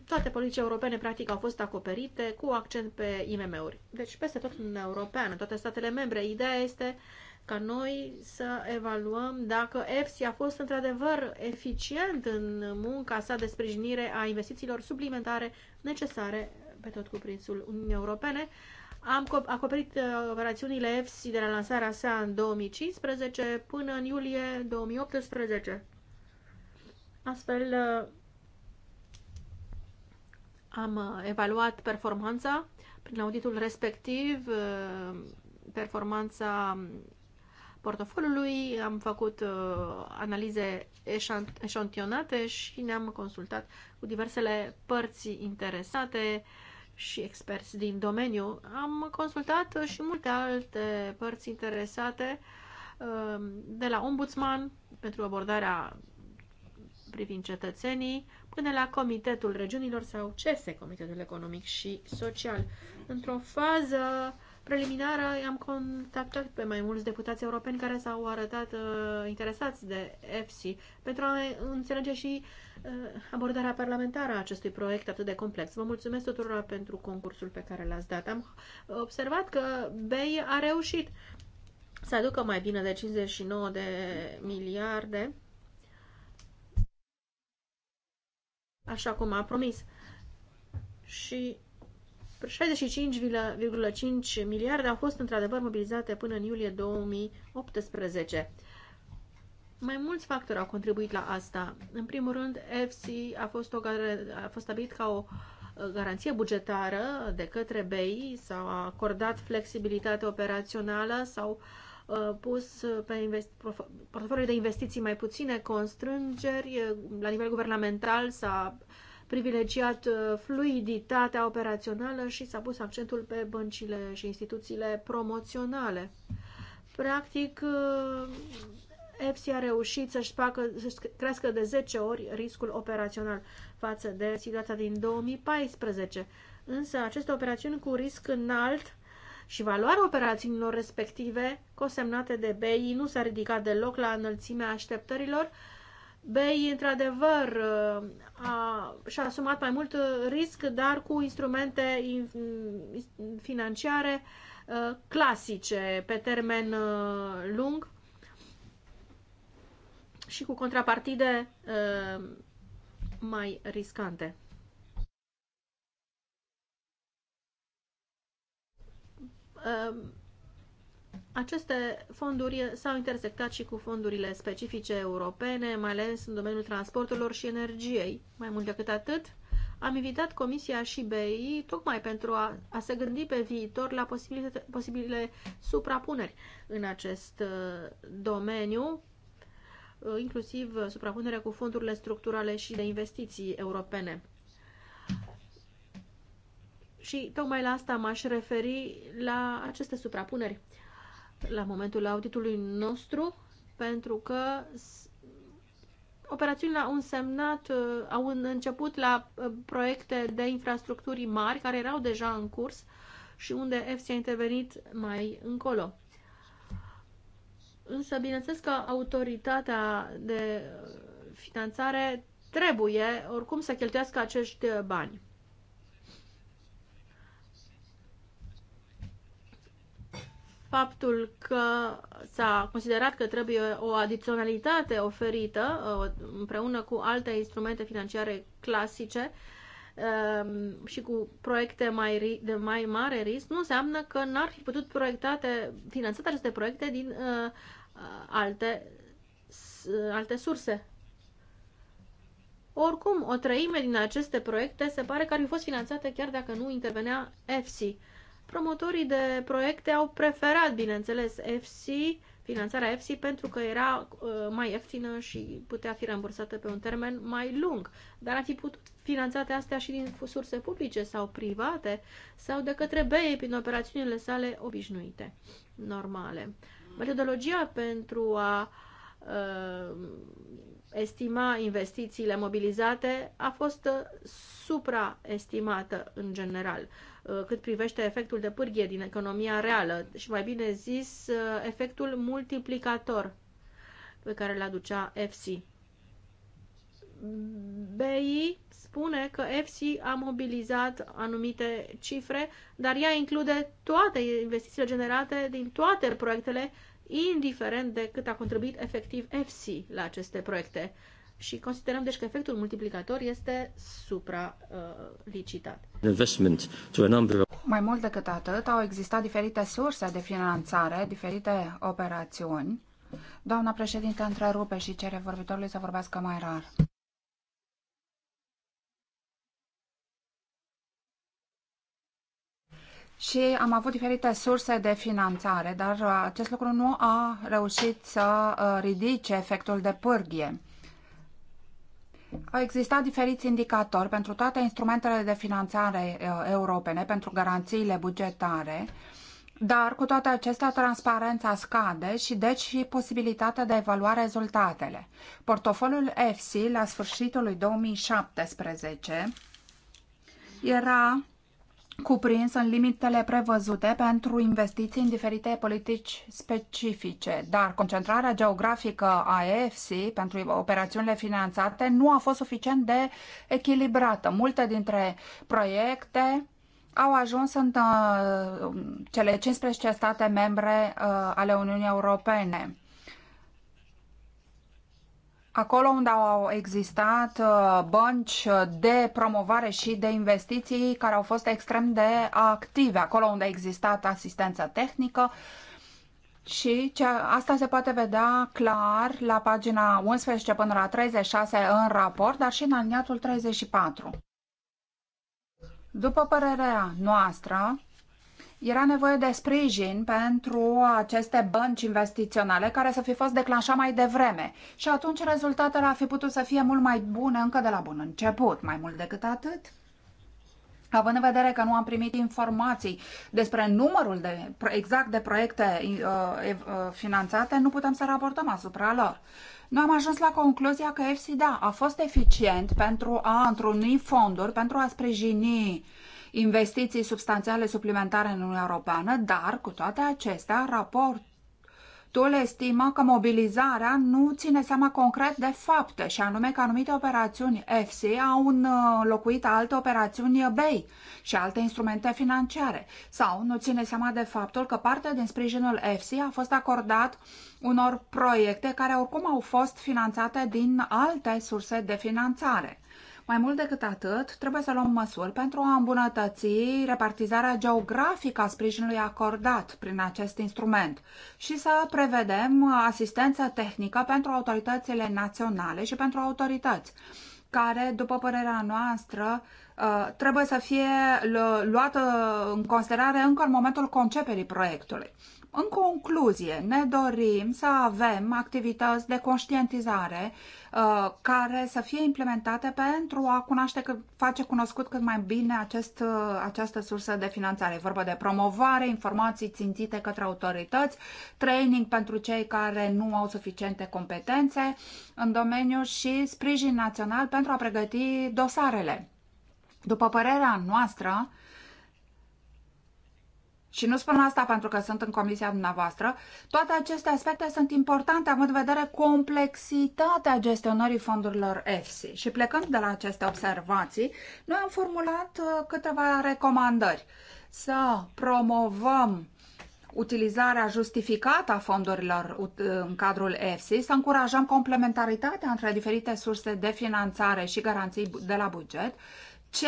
toate politicile europene, practic, au fost acoperite cu accent pe IMM-uri. Deci, peste tot în Europeană, toate statele membre. Ideea este ca noi să evaluăm dacă EFSI a fost într-adevăr eficient în munca sa de sprijinire a investițiilor suplimentare necesare pe tot cuprinsul Uniunii Europene am acoperit uh, operațiunile EFSI de la lansarea sa în 2015 până în iulie 2018. Astfel, uh, am uh, evaluat performanța prin auditul respectiv, performanța um, portofoliului, am făcut analize eșantionate și ne-am consultat cu diversele părți interesate, și experți din domeniu. Am consultat și multe alte părți interesate, um, de la ombudsman pentru abordarea privind cetățenii, până la Comitetul Regiunilor sau CESE, Comitetul Economic și Social. Într-o fază Preliminar am contactat pe mai mulți deputați europeni care s-au arătat uh, interesați de EFSI pentru a înțelege și uh, abordarea parlamentară a acestui proiect atât de complex. Vă mulțumesc tuturor pentru concursul pe care l-ați dat. Am observat că BEI a reușit să aducă mai bine de 59 de miliarde, așa cum a promis. Și 65,5 miliarde au fost într-adevăr mobilizate până în iulie 2018. Mai mulți factori au contribuit la asta. În primul rând, FC a fost, o, a fost stabilit ca o uh, garanție bugetară de către BEI, s-au acordat flexibilitate operațională, s-au uh, pus pe portofoliul de investiții mai puține constrângeri, uh, la nivel guvernamental s-a privilegiat uh, fluiditatea operațională și s-a pus accentul pe băncile și instituțiile promoționale. Practic, EFSI uh, a reușit să-și, să crească de 10 ori riscul operațional față de situația din 2014. Însă aceste operațiuni cu risc înalt și valoarea operațiunilor respective, consemnate de BI, nu s-a ridicat deloc la înălțimea așteptărilor, BEI, într-adevăr, uh, și-a asumat mai mult uh, risc, dar cu instrumente financiare uh, clasice, pe termen lung și cu contrapartide mai riscante. Um, aceste fonduri s-au intersectat și cu fondurile specifice europene, mai ales în domeniul transporturilor și energiei. Mai mult decât atât, am invitat Comisia și BI tocmai pentru a, a se gândi pe viitor la posibile, posibile suprapuneri în acest uh, domeniu, uh, inclusiv suprapunerea cu fondurile structurale și de investiții europene. Și tocmai la asta m-aș referi la aceste suprapuneri la momentul auditului nostru, pentru că operațiunile au însemnat, uh, au început la uh, proiecte de infrastructuri mari care erau deja în curs și unde EFSI a intervenit mai încolo. Însă, bineînțeles că autoritatea de uh, finanțare trebuie oricum să cheltuiască acești bani. faptul că s-a considerat că trebuie o adiționalitate oferită uh, împreună cu alte instrumente financiare clasice um, și cu proiecte mai, de mai mare risc, nu înseamnă că n-ar fi putut proiectate, finanțate aceste proiecte din uh, uh, alte, alte surse. Oricum, o treime din aceste proiecte se pare că ar fi fost finanțate chiar dacă nu intervenea EFSI Promotorii de proiecte au preferat, bineînțeles, FC, finanțarea FC, pentru că era uh, mai ieftină și putea fi rambursată pe un termen mai lung. Dar ar fi putut finanțate astea și din surse publice sau private sau de către BEI prin operațiunile sale obișnuite, normale. Metodologia pentru a uh, Uh, estima investițiile mobilizate a fost uh, supraestimată în general uh, cât privește efectul de pârghie din economia reală și mai bine zis efectul multiplicator pe care îl aducea EFSI. BI spune că EFSI a mobilizat anumite cifre, dar ea include toate investițiile generate din toate proiectele indiferent de cât a contribuit efectiv FC la aceste proiecte. Și considerăm deci că efectul multiplicator este supra-licitat. Uh, Mai mult decât atât, au existat diferite surse de finanțare, diferite operațiuni. Doamna președinte întrerupe și cere vorbitorului să vorbească mai rar. și am avut diferite surse de finanțare, dar uh, acest lucru nu a reușit să uh, ridice efectul de pârghie. Au existat diferiți indicatori pentru toate instrumentele de finanțare uh, europene, pentru garanțiile bugetare, dar cu toate acestea transparența scade și deci și posibilitatea de a evalua rezultatele. Portofoliul EFSI la sfârșitul lui 2017 era cuprins în limitele prevăzute pentru investiții în diferite politici specifice, dar concentrarea geografică a EFC pentru operațiunile finanțate nu a fost suficient de echilibrată. Multe dintre proiecte au ajuns în uh, cele 15 state membre uh, ale Uniunii Europene acolo unde au existat uh, bănci de promovare și de investiții care au fost extrem de active, acolo unde a existat asistență tehnică. Și asta se poate vedea clar la pagina 11 până la 36 în raport, dar și în aliniatul 34. După părerea noastră, era nevoie de sprijin pentru aceste bănci investiționale care să fi fost declanșa mai devreme și atunci rezultatele ar fi putut să fie mult mai bune încă de la bun început. Mai mult decât atât, Având în vedere că nu am primit informații despre numărul de, exact de proiecte uh, uh finanțate, nu putem să raportăm asupra lor. Noi am ajuns la concluzia că FCDA a fost eficient pentru a întruni fonduri, pentru a sprijini uh, investiții substanțiale suplimentare în Uniunea Europeană, dar cu toate acestea, raport Dul estimă că mobilizarea nu ține seama concret de fapte, și anume că anumite operațiuni FC au înlocuit alte operațiuni BEI și alte instrumente financiare, sau nu ține seama de faptul că parte din sprijinul FC a fost acordat unor proiecte care oricum au fost finanțate din alte surse de finanțare. Mai mult decât atât, trebuie să luăm măsuri pentru a îmbunătăți repartizarea geografică a sprijinului acordat prin acest instrument și să prevedem asistență tehnică pentru autoritățile naționale și pentru autorități care, după părerea noastră, uh, trebuie să fie luată în considerare încă în momentul conceperii proiectului. În concluzie, ne dorim să avem activități de conștientizare uh, care să fie implementate pentru a cunoaște, face cunoscut cât mai bine acest, uh, această sursă de finanțare. E vorba de promovare, informații țintite către autorități, training pentru cei care nu au suficiente competențe în domeniu și sprijin național pentru a pregăti dosarele. După părerea noastră, și nu spun asta pentru că sunt în comisia dumneavoastră, toate aceste aspecte sunt importante având în vedere complexitatea gestionării fondurilor EFSI. Și plecând de la aceste observații, noi am formulat uh, câteva recomandări. Să promovăm utilizarea justificată a fondurilor uh, în cadrul EFSI, să încurajăm complementaritatea între diferite surse de finanțare și garanții de la buget, s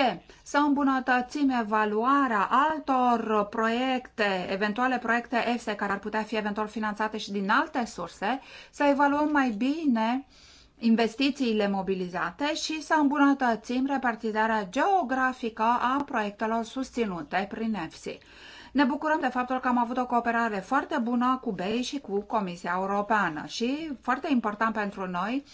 Să îmbunătățit evaluarea altor proiecte, eventuale proiecte EFSE care ar putea fi eventual finanțate și din alte surse, să evaluăm mai bine investițiile mobilizate și să îmbunătățim repartizarea geografică a proiectelor susținute prin EFSI. Ne bucurăm de faptul că am avut o cooperare foarte bună cu BEI și cu Comisia Europeană și, foarte important pentru noi,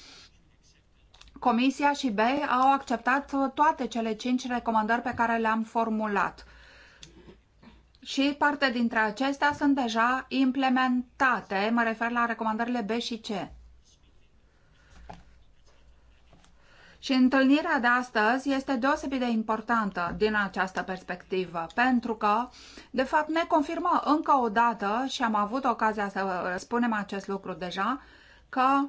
Comisia și BEI au acceptat toate cele cinci recomandări pe care le-am formulat. Și parte dintre acestea sunt deja implementate, mă refer la recomandările B și C. Și întâlnirea de astăzi este deosebit de importantă din această perspectivă, pentru că, de fapt, ne confirmă încă o dată, și am avut ocazia să spunem acest lucru deja, că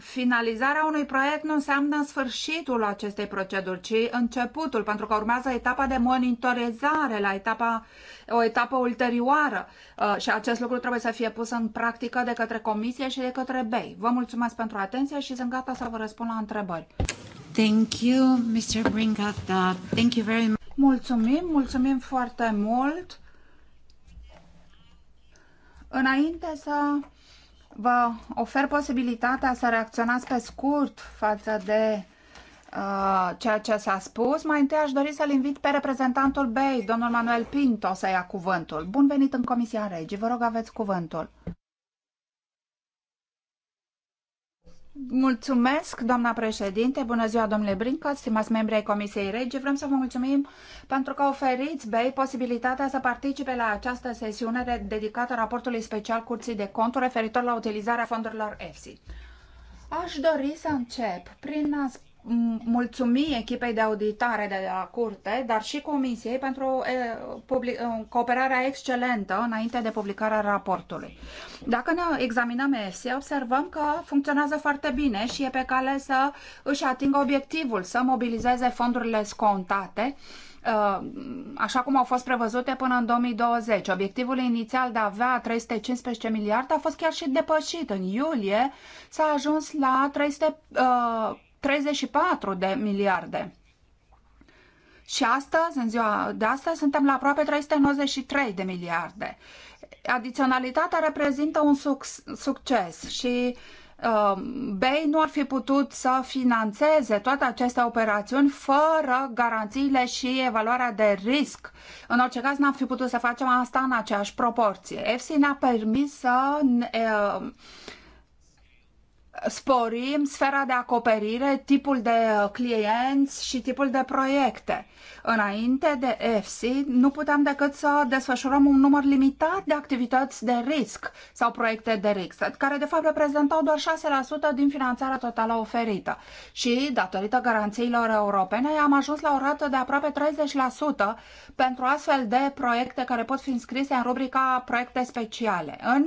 finalizarea unui proiect nu înseamnă sfârșitul acestei proceduri, ci începutul, pentru că urmează etapa de monitorizare, la etapa, o etapă ulterioară uh, și acest lucru trebuie să fie pus în practică de către Comisie și de către BEI. Vă mulțumesc pentru atenție și sunt gata să vă răspund la întrebări. Thank you, Mr. Brinkata. Thank you very much. Mulțumim, mulțumim foarte mult. Înainte să vă ofer posibilitatea să reacționați pe scurt față de uh, ceea ce s-a spus. Mai întâi aș dori să-l invit pe reprezentantul BEI, domnul Manuel Pinto, să ia cuvântul. Bun venit în Comisia Regii, vă rog aveți cuvântul. Mulțumesc, doamna președinte, bună ziua, domnule Brincă, stimați membri ai Comisiei Regi. Vrem să vă mulțumim pentru că oferiți BEI posibilitatea să participe la această sesiune dedicată raportului special Curții de Conturi referitor la utilizarea fondurilor EFSI. Aș dori să încep prin a mulțumi echipei de auditare de la curte, dar și comisiei pentru cooperarea excelentă înainte de publicarea raportului. Dacă ne examinăm EFSI, observăm că funcționează foarte bine și e pe cale să își atingă obiectivul, să mobilizeze fondurile scontate așa cum au fost prevăzute până în 2020. Obiectivul inițial de a avea 315 miliarde a fost chiar și depășit. În iulie s-a ajuns la 300 34 de miliarde. Și astăzi, în ziua de astăzi, suntem la aproape 393 de miliarde. Adiționalitatea reprezintă un suc succes și uh, BEI nu ar fi putut să financeze toate aceste operațiuni fără garanțiile și evaluarea de risc. În orice caz, n-am fi putut să facem asta în aceeași proporție. EFSI ne-a permis să uh, sporim sfera de acoperire, tipul de clienți și tipul de proiecte. Înainte de EFSI, nu puteam decât să desfășurăm un număr limitat de activități de risc sau proiecte de risc, care de fapt reprezentau doar 6% din finanțarea totală oferită. Și, datorită garanțiilor europene, am ajuns la o rată de aproape 30% pentru astfel de proiecte care pot fi înscrise în rubrica proiecte speciale. În,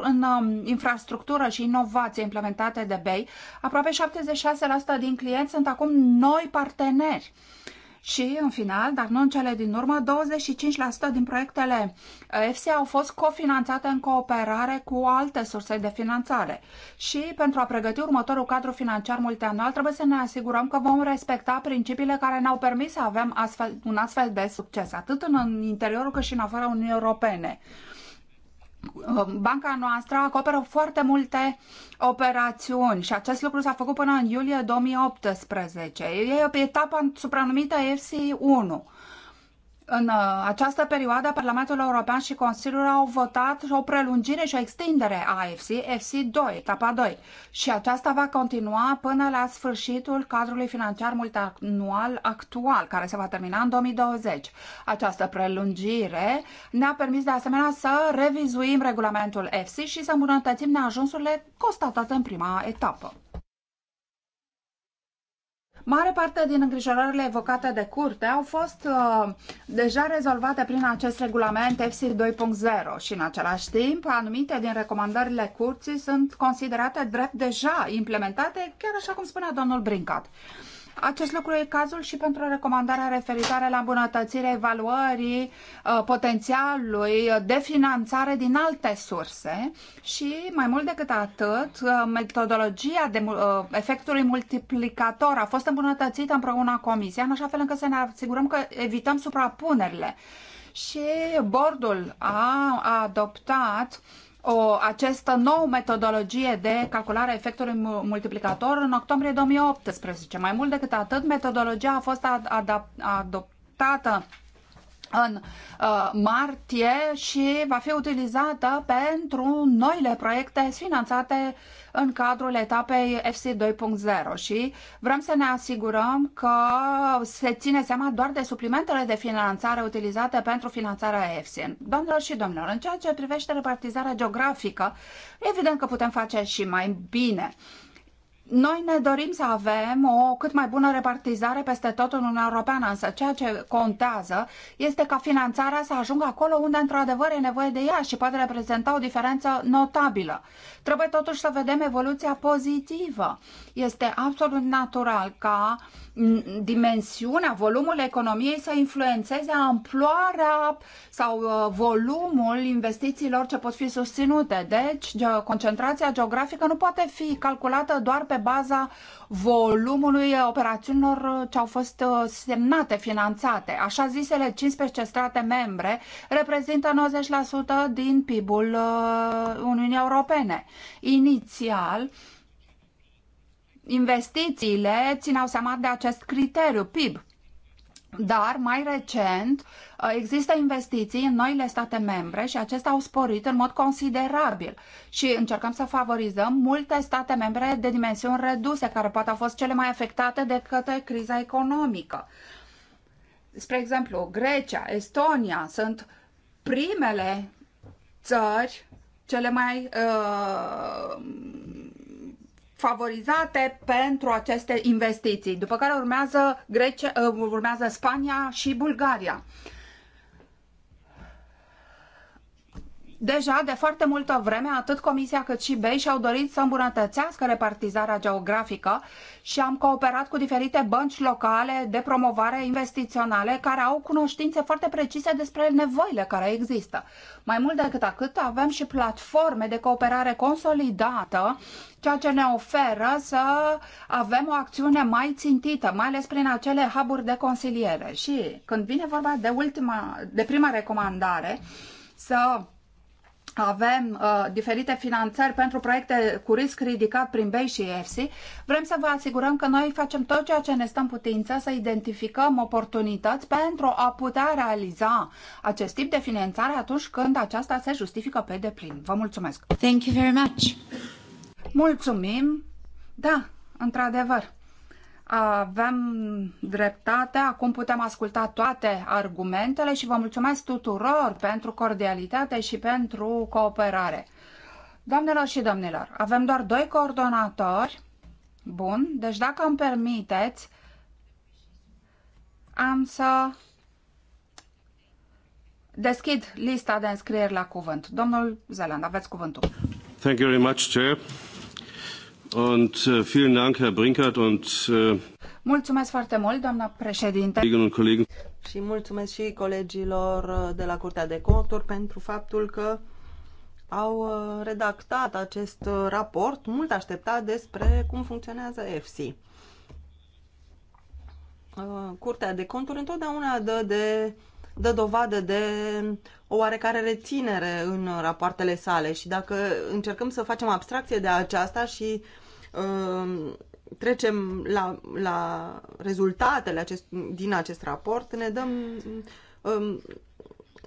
în um, infrastructură și inovație implementate de BEI, aproape 76% din clienți sunt acum noi parteneri și, în final, dar nu în cele din urmă, 25% din proiectele EFSI uh, au fost cofinanțate în cooperare cu alte surse de finanțare. Și, pentru a pregăti următorul cadru financiar multianual, trebuie să ne asigurăm că vom respecta principiile care ne-au permis să avem astfel, un astfel de succes, atât în interiorul cât și în afara Uniunii Europene banca noastră acoperă foarte multe operațiuni și acest lucru s-a făcut până în iulie 2018. E etapa supranumită FC1. În uh, această perioadă, Parlamentul European și Consiliul au votat o prelungire și o extindere a EFSI, EFSI 2, etapa 2. Și aceasta va continua până la sfârșitul cadrului financiar multianual actual, care se va termina în 2020. Această prelungire ne-a permis de asemenea să revizuim regulamentul EFSI și să îmbunătățim neajunsurile constatate în prima etapă. Mare parte din îngrijorările evocate de curte au fost uh, deja rezolvate prin acest regulament EFSI 2.0 și în același timp anumite din recomandările curții sunt considerate drept deja implementate, chiar așa cum spunea domnul Brincat. Uh, acest lucru e cazul și pentru recomandarea referitoare la îmbunătățirea evaluării uh, potențialului de finanțare din alte surse și, mai mult decât atât, uh, metodologia de, uh, efectului multiplicator a fost îmbunătățită împreună cu Comisia, în așa fel încât să ne asigurăm că evităm suprapunerile. Și bordul a adoptat o, această nouă metodologie de calculare a efectului multiplicator în octombrie 2018. Mai mult decât atât, metodologia a fost ad, adoptată în uh, martie și va fi utilizată pentru noile proiecte finanțate în cadrul etapei FC 2.0 și vrem să ne asigurăm că se ține seama doar de suplimentele de finanțare utilizate pentru finanțarea EFSI. Doamnelor și domnilor, în ceea ce privește repartizarea geografică, evident că putem face și mai bine. Noi ne dorim să avem o cât mai bună repartizare peste tot în Uniunea Europeană, însă ceea ce contează este ca finanțarea să ajungă acolo unde într-adevăr e nevoie de ea și poate reprezenta o diferență notabilă. Trebuie totuși să vedem evoluția pozitivă. Este absolut natural ca dimensiunea, volumul economiei să influențeze amploarea sau uh, volumul investițiilor ce pot fi susținute. Deci, concentrația geografică nu poate fi calculată doar pe baza volumului operațiunilor ce au fost uh, semnate, finanțate. Așa zisele 15 state membre reprezintă 90% din PIB-ul uh, Uniunii Europene. Inițial, investițiile țineau seama de acest criteriu PIB dar, mai recent, uh, există investiții în noile state membre și acestea au sporit în mod considerabil și încercăm să favorizăm multe state membre de dimensiuni reduse, care poate au fost cele mai afectate de către criza economică. Spre exemplu, Grecia, Estonia sunt primele țări cele mai uh, favorizate pentru aceste investiții, după care urmează, Grecia, uh, urmează Spania și Bulgaria. Uh, Deja, de foarte multă vreme, atât Comisia cât și BEI și-au dorit să îmbunătățească repartizarea geografică și am cooperat cu diferite bănci locale de promovare investiționale care au cunoștințe foarte precise despre nevoile care există. Mai mult decât atât, avem și platforme de cooperare consolidată, ceea ce ne oferă să avem o acțiune mai țintită, mai ales prin acele hub-uri de consiliere. Și când vine vorba de, ultima, de prima recomandare, să avem uh, diferite finanțări pentru proiecte cu risc ridicat prin BEI și EFSI, vrem să vă asigurăm că noi facem tot ceea ce ne stăm putință să identificăm oportunități pentru a putea realiza acest tip de finanțare atunci când aceasta se justifică pe deplin. Vă mulțumesc! Thank you very much! Mulțumim! Da, într-adevăr, avem dreptate, acum putem asculta toate argumentele și vă mulțumesc tuturor pentru cordialitate și pentru cooperare. Doamnelor și domnilor, avem doar doi coordonatori. Bun, deci dacă îmi permiteți, am să deschid lista de înscrieri la cuvânt. Domnul Zeland, aveți cuvântul. Thank you very much, Chair. Und äh, vielen Dank, Herr Brinkert, und äh, Mulțumesc foarte mult, doamna președinte. Și mulțumesc și colegilor uh, de la Curtea de Conturi pentru faptul că au uh, redactat acest uh, raport mult așteptat despre cum funcționează EFSI. Curtea de Conturi întotdeauna dă, de, dă dovadă de o oarecare reținere în rapoartele sale și dacă încercăm să facem abstracție de aceasta și Um, trecem la, la rezultatele acest, din acest raport, ne dăm um,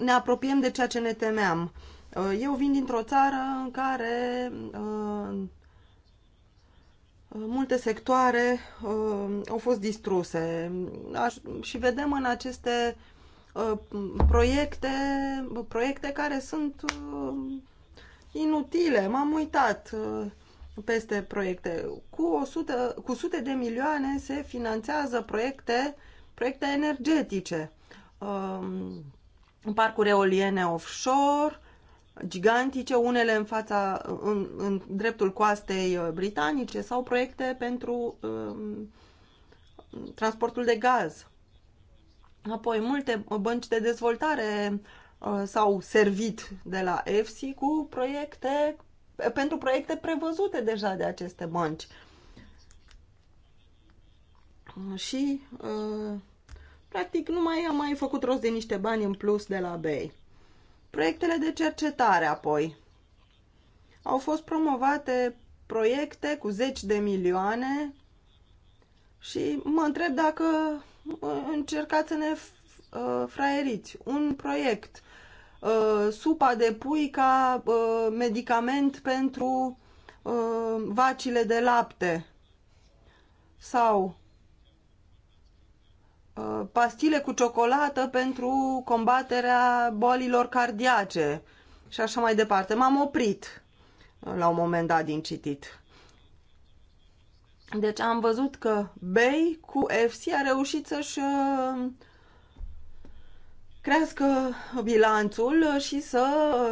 ne apropiem de ceea ce ne temeam. Uh, eu vin dintr-o țară în care uh, multe sectoare uh, au fost distruse și vedem în aceste proiecte, proiecte care sunt inutile. M-am uitat peste proiecte. Cu, 100, cu sute de milioane se finanțează proiecte, proiecte energetice, um, parcuri eoliene offshore, gigantice, unele în fața, în, în dreptul coastei uh, britanice sau proiecte pentru um, transportul de gaz. Apoi, multe bănci de dezvoltare uh, s-au servit de la EFSI cu proiecte pentru proiecte prevăzute deja de aceste bănci. Și uh, practic nu mai am mai făcut rost de niște bani în plus de la BEI. Proiectele de cercetare apoi. Au fost promovate proiecte cu zeci de milioane și mă întreb dacă uh, încercați să ne uh, fraieriți. Un proiect uh, supa de pui ca uh, medicament pentru uh, vacile de lapte sau uh, pastile cu ciocolată pentru combaterea bolilor cardiace și așa mai departe. M-am oprit uh, la un moment dat din citit. Deci am văzut că Bay cu FC a reușit să-și uh, crească bilanțul și să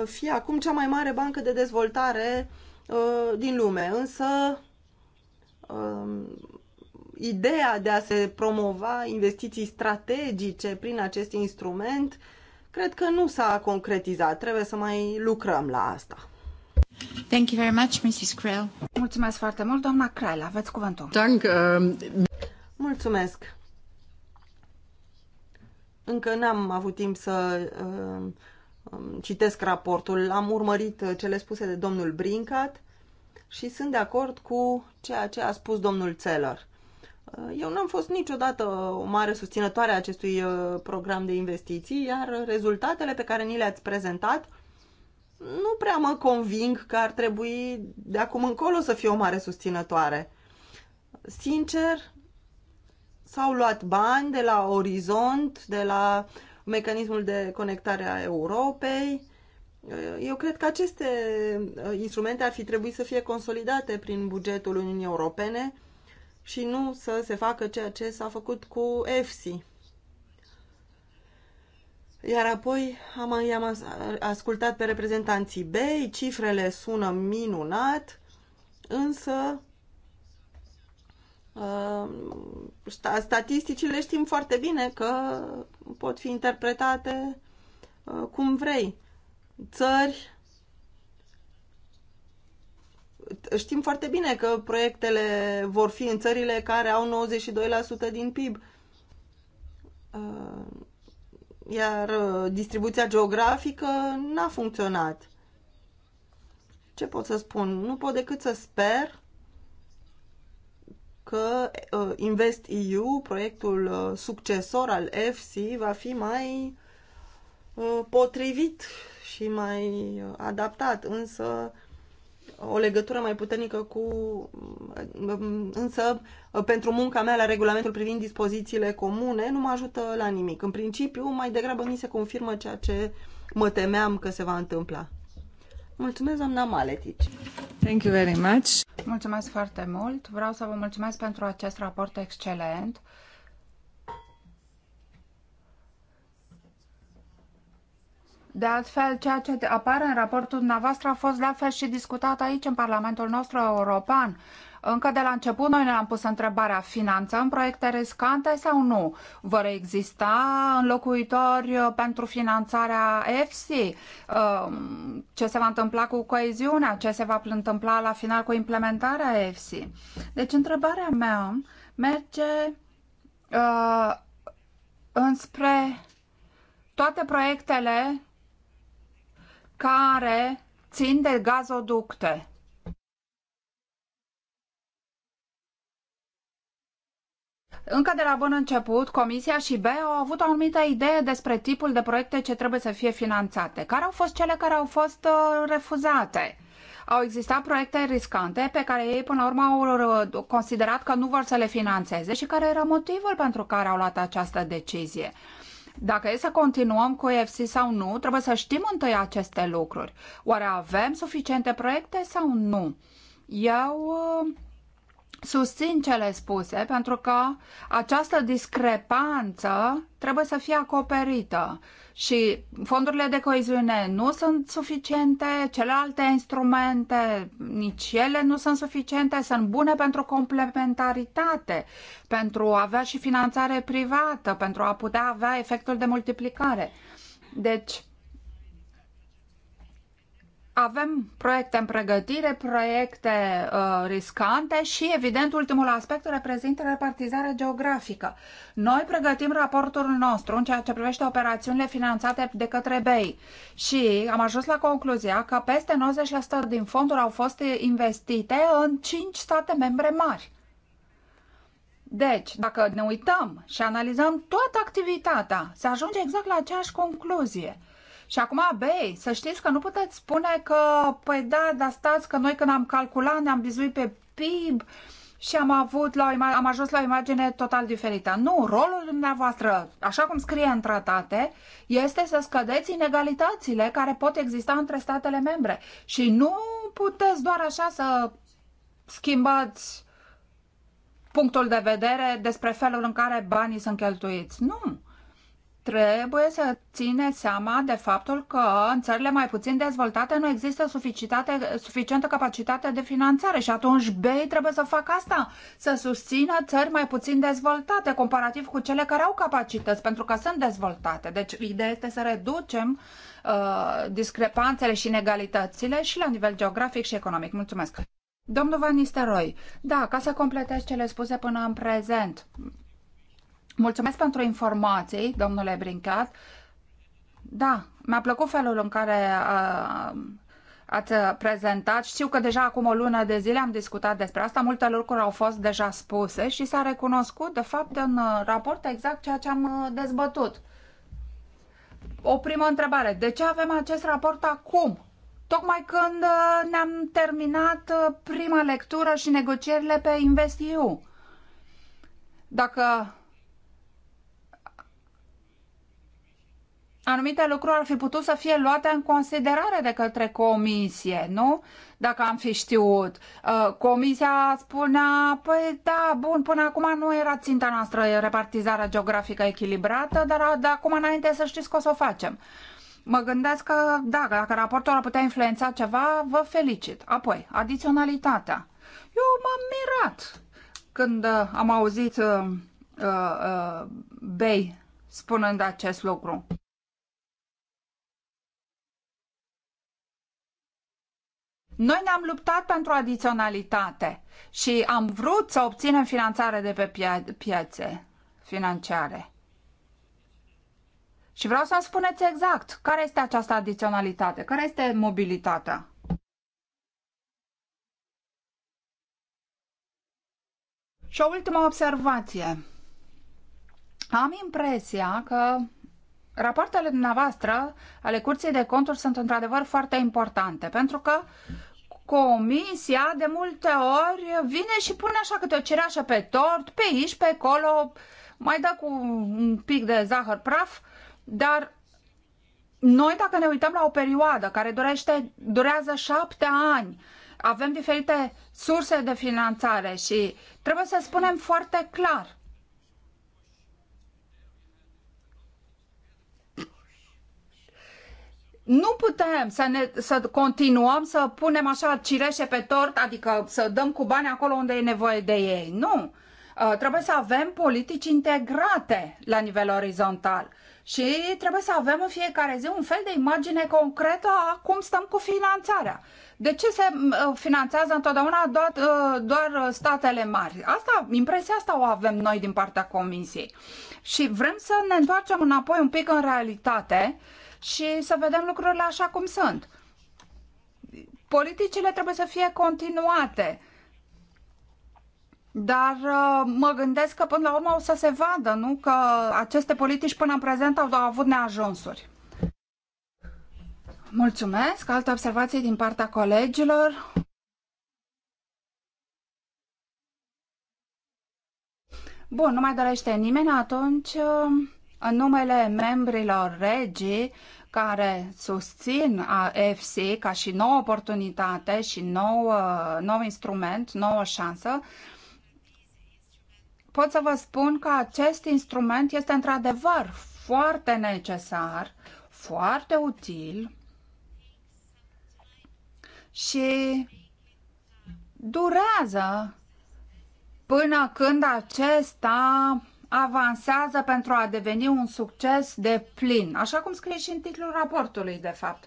fie acum cea mai mare bancă de dezvoltare uh, din lume. Însă um, ideea de a se promova investiții strategice prin acest instrument cred că nu s-a concretizat. Trebuie să mai lucrăm la asta. Thank you very much, Mrs. Krell. Mulțumesc foarte mult, doamna Krell. Aveți cuvântul. Thank, um... Uh, Mulțumesc. Încă n-am avut timp să uh, um, citesc raportul. Am urmărit uh, cele spuse de domnul Brincat și sunt de acord cu ceea ce a spus domnul Țeller. Uh, eu n-am fost niciodată o mare susținătoare a acestui program de investiții, iar rezultatele pe care ni le-ați prezentat nu prea mă conving că ar trebui de acum încolo să fie o mare susținătoare. Sincer, S-au luat bani de la Orizont, de la mecanismul de conectare a Europei. Eu cred că aceste uh, instrumente ar fi trebuit să fie consolidate prin bugetul Uniunii Europene și nu să se facă ceea ce s-a făcut cu EFSI. Iar apoi am, i-am ascultat pe reprezentanții BEI, cifrele sună minunat, însă Uh, statisticile știm foarte bine că pot fi interpretate uh, cum vrei. Țări știm foarte bine că proiectele vor fi în țările care au 92% din PIB. Uh, iar distribuția geografică n-a funcționat. Ce pot să spun? Nu pot decât să sper că uh, EU, proiectul uh, succesor al EFSI, va fi mai uh, potrivit și mai adaptat, însă o legătură mai puternică cu... Um, însă, pentru munca mea la regulamentul privind dispozițiile comune, nu mă ajută la nimic. În principiu, mai degrabă mi se confirmă ceea ce mă temeam că se va întâmpla. Mulțumesc, doamna Maletici. Thank you very much. Mulțumesc foarte mult. Vreau să vă mulțumesc pentru acest raport excelent. De altfel, ceea ce apare în raportul dumneavoastră a fost la fel și discutat aici, în Parlamentul nostru european. Încă de la început noi ne-am pus întrebarea, finanțăm proiecte riscante sau nu? Vor exista înlocuitori pentru finanțarea EFSI? Ehm, ce se va întâmpla cu coeziunea? Ce se va întâmpla la final cu implementarea EFSI? Deci întrebarea mea merge uh, înspre toate proiectele care țin de gazoducte. Încă de la bun început, Comisia și BE au avut o anumită idee despre tipul de proiecte ce trebuie să fie finanțate. Care au fost cele care au fost uh, refuzate? Au existat proiecte riscante pe care ei până la urmă au uh, considerat că nu vor să le finanțeze și care era motivul pentru care au luat această decizie. Dacă e să continuăm cu EFC sau nu, trebuie să știm întâi aceste lucruri. Oare avem suficiente proiecte sau nu? Eu uh, Susțin cele spuse pentru că această discrepanță trebuie să fie acoperită și fondurile de coeziune nu sunt suficiente, celelalte instrumente, nici ele nu sunt suficiente, sunt bune pentru complementaritate, pentru a avea și finanțare privată, pentru a putea avea efectul de multiplicare. Deci, avem proiecte în pregătire, proiecte uh, riscante și, evident, ultimul aspect reprezintă repartizarea geografică. Noi pregătim raportul nostru în ceea ce privește operațiunile finanțate de către BEI și am ajuns la concluzia că peste 90% din fonduri au fost investite în 5 state membre mari. Deci, dacă ne uităm și analizăm toată activitatea, se ajunge exact la aceeași concluzie – și acum, bei, să știți că nu puteți spune că, păi da, dar stați că noi când am calculat ne-am bizuit pe PIB și am, avut la o am ajuns la o imagine total diferită. Nu, rolul dumneavoastră, așa cum scrie în tratate, este să scădeți inegalitățile care pot exista între statele membre. Și nu puteți doar așa să schimbați punctul de vedere despre felul în care banii sunt cheltuiți. Nu! trebuie să ține seama de faptul că în țările mai puțin dezvoltate nu există suficientă capacitate de finanțare și atunci BEI trebuie să facă asta, să susțină țări mai puțin dezvoltate comparativ cu cele care au capacități pentru că sunt dezvoltate. Deci ideea este să reducem uh, discrepanțele și inegalitățile și la nivel geografic și economic. Mulțumesc! Domnul Van Nisteroi, da, ca să completez cele spuse până în prezent, Mulțumesc pentru informații, domnule Brincat. Da, mi-a plăcut felul în care uh, ați prezentat. Știu că deja acum o lună de zile am discutat despre asta, multe lucruri au fost deja spuse și s-a recunoscut, de fapt, în uh, raport exact ceea ce am uh, dezbătut. O primă întrebare. De ce avem acest raport acum? Tocmai când uh, ne-am terminat prima lectură și negocierile pe InvestEU. Dacă anumite lucruri ar fi putut să fie luate în considerare de către comisie, nu? Dacă am fi știut. Uh, comisia spunea, păi da, bun, până acum nu era ținta noastră repartizarea geografică echilibrată, dar de acum înainte să știți că o să o facem. Mă gândesc că, da, dacă raportul ar putea influența ceva, vă felicit. Apoi, adiționalitatea. Eu m-am mirat când uh, am auzit uh, uh, uh Bay spunând acest lucru. Noi ne-am luptat pentru adiționalitate și am vrut să obținem finanțare de pe pia- piațe financiare. Și vreau să-mi spuneți exact care este această adiționalitate, care este mobilitatea. Și o ultimă observație. Am impresia că rapoartele dumneavoastră ale Curții de Conturi sunt într-adevăr foarte importante, pentru că comisia de multe ori vine și pune așa câte o cereașă pe tort, pe aici, pe acolo, mai dă cu un pic de zahăr praf, dar noi dacă ne uităm la o perioadă care durește, durează șapte ani, avem diferite surse de finanțare și trebuie să spunem foarte clar nu putem să, ne, să continuăm să punem așa cireșe pe tort, adică să dăm cu bani acolo unde e nevoie de ei. Nu! Uh, trebuie să avem politici integrate la nivel orizontal și trebuie să avem în fiecare zi un fel de imagine concretă a cum stăm cu finanțarea. De ce se uh, finanțează întotdeauna doar, uh, doar statele mari? Asta, impresia asta o avem noi din partea Comisiei. Și vrem să ne întoarcem înapoi un pic în realitate uh, și să vedem lucrurile așa cum sunt. Politicile trebuie să fie continuate, dar uh, mă gândesc că până la urmă o să se vadă, nu? Că aceste politici până în prezent au, avut neajunsuri. Mulțumesc. Alte observații din partea colegilor? Bun, nu mai dorește nimeni, atunci uh, în numele membrilor regii care susțin AFC ca și nouă oportunitate și nou, uh, nou instrument, nouă șansă, pot să vă spun că acest instrument este într-adevăr foarte necesar, foarte util și durează până când acesta avansează pentru a deveni un succes de plin, așa cum scrie și în titlul raportului, de fapt.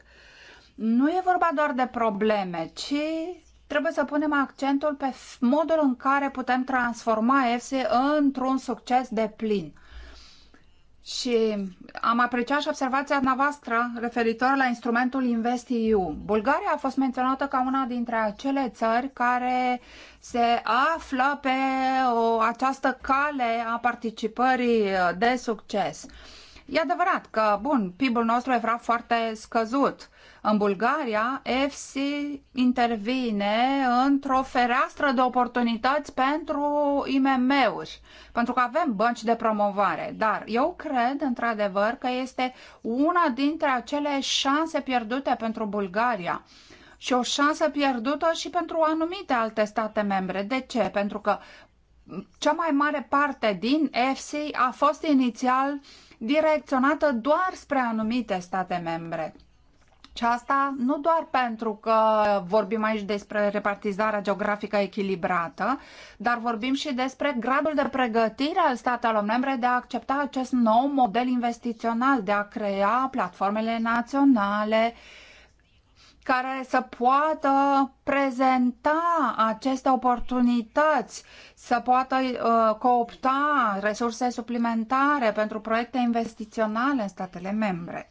Nu e vorba doar de probleme, ci trebuie să punem accentul pe modul în care putem transforma EFSI într-un succes de plin. Și am apreciat și observația dumneavoastră referitor la instrumentul InvestEU. Bulgaria a fost menționată ca una dintre acele țări care se află pe o, această cale a participării de succes. Uh, E adevărat că, bun, PIB-ul nostru era foarte scăzut. În Bulgaria, FC intervine într-o fereastră de oportunități pentru IMM-uri, pentru că avem bănci de promovare. Dar eu cred, într-adevăr, că este una dintre acele șanse pierdute pentru Bulgaria și o șansă pierdută și pentru anumite alte state membre. De ce? Pentru că cea mai mare parte din EFSI a fost inițial uh, direcționată doar spre anumite state membre. Și asta nu doar pentru că vorbim aici despre repartizarea geografică echilibrată, dar vorbim și despre gradul de pregătire al statelor membre de a accepta acest nou model investițional, de a crea platformele naționale, uh, care să poată prezenta aceste oportunități, să poată uh, coopta resurse suplimentare pentru proiecte investiționale în statele membre.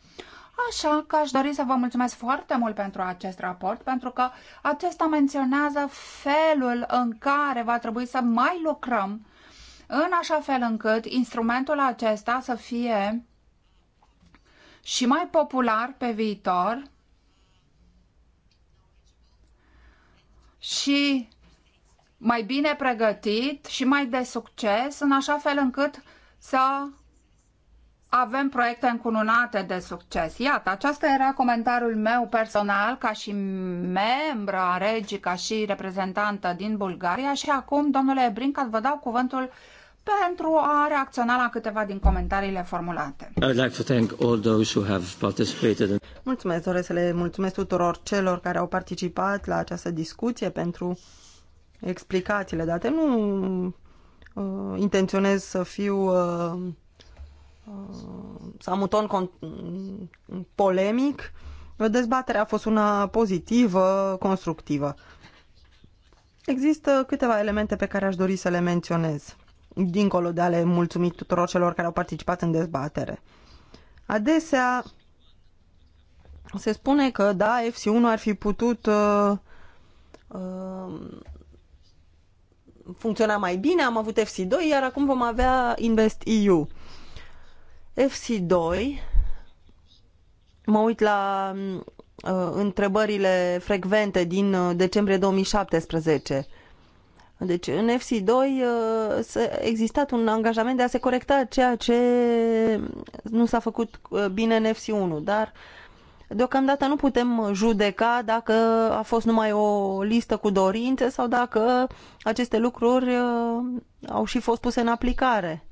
Așa că aș dori să vă mulțumesc foarte mult pentru acest raport, pentru că acesta menționează felul în care va trebui să mai lucrăm în așa fel încât instrumentul acesta să fie și mai popular pe viitor și mai bine pregătit și mai de succes, în așa fel încât să avem proiecte încununate de succes. Iată, acesta era comentariul meu personal ca și membră a regii, ca și reprezentantă din Bulgaria și acum, domnule Brincat, vă dau cuvântul pentru a reacționa la câteva din comentariile formulate. Mulțumesc, doresc să le mulțumesc tuturor celor care au participat la această discuție pentru explicațiile date. Nu uh, intenționez să fiu uh, uh, să am un ton polemic. Dezbaterea a fost una pozitivă, constructivă. Există câteva elemente pe care aș dori să le menționez dincolo de a le mulțumi tuturor celor care au participat în dezbatere. Adesea se spune că, da, FC1 ar fi putut uh, uh, funcționa mai bine, am avut FC2, iar acum vom avea Invest EU. FC2, mă uit la uh, întrebările frecvente din uh, decembrie 2017. Deci în FC2 uh, a existat un angajament de a se corecta ceea ce nu s-a făcut uh, bine în FC1, dar deocamdată nu putem judeca dacă a fost numai o listă cu dorințe sau dacă aceste lucruri uh, au și fost puse în aplicare.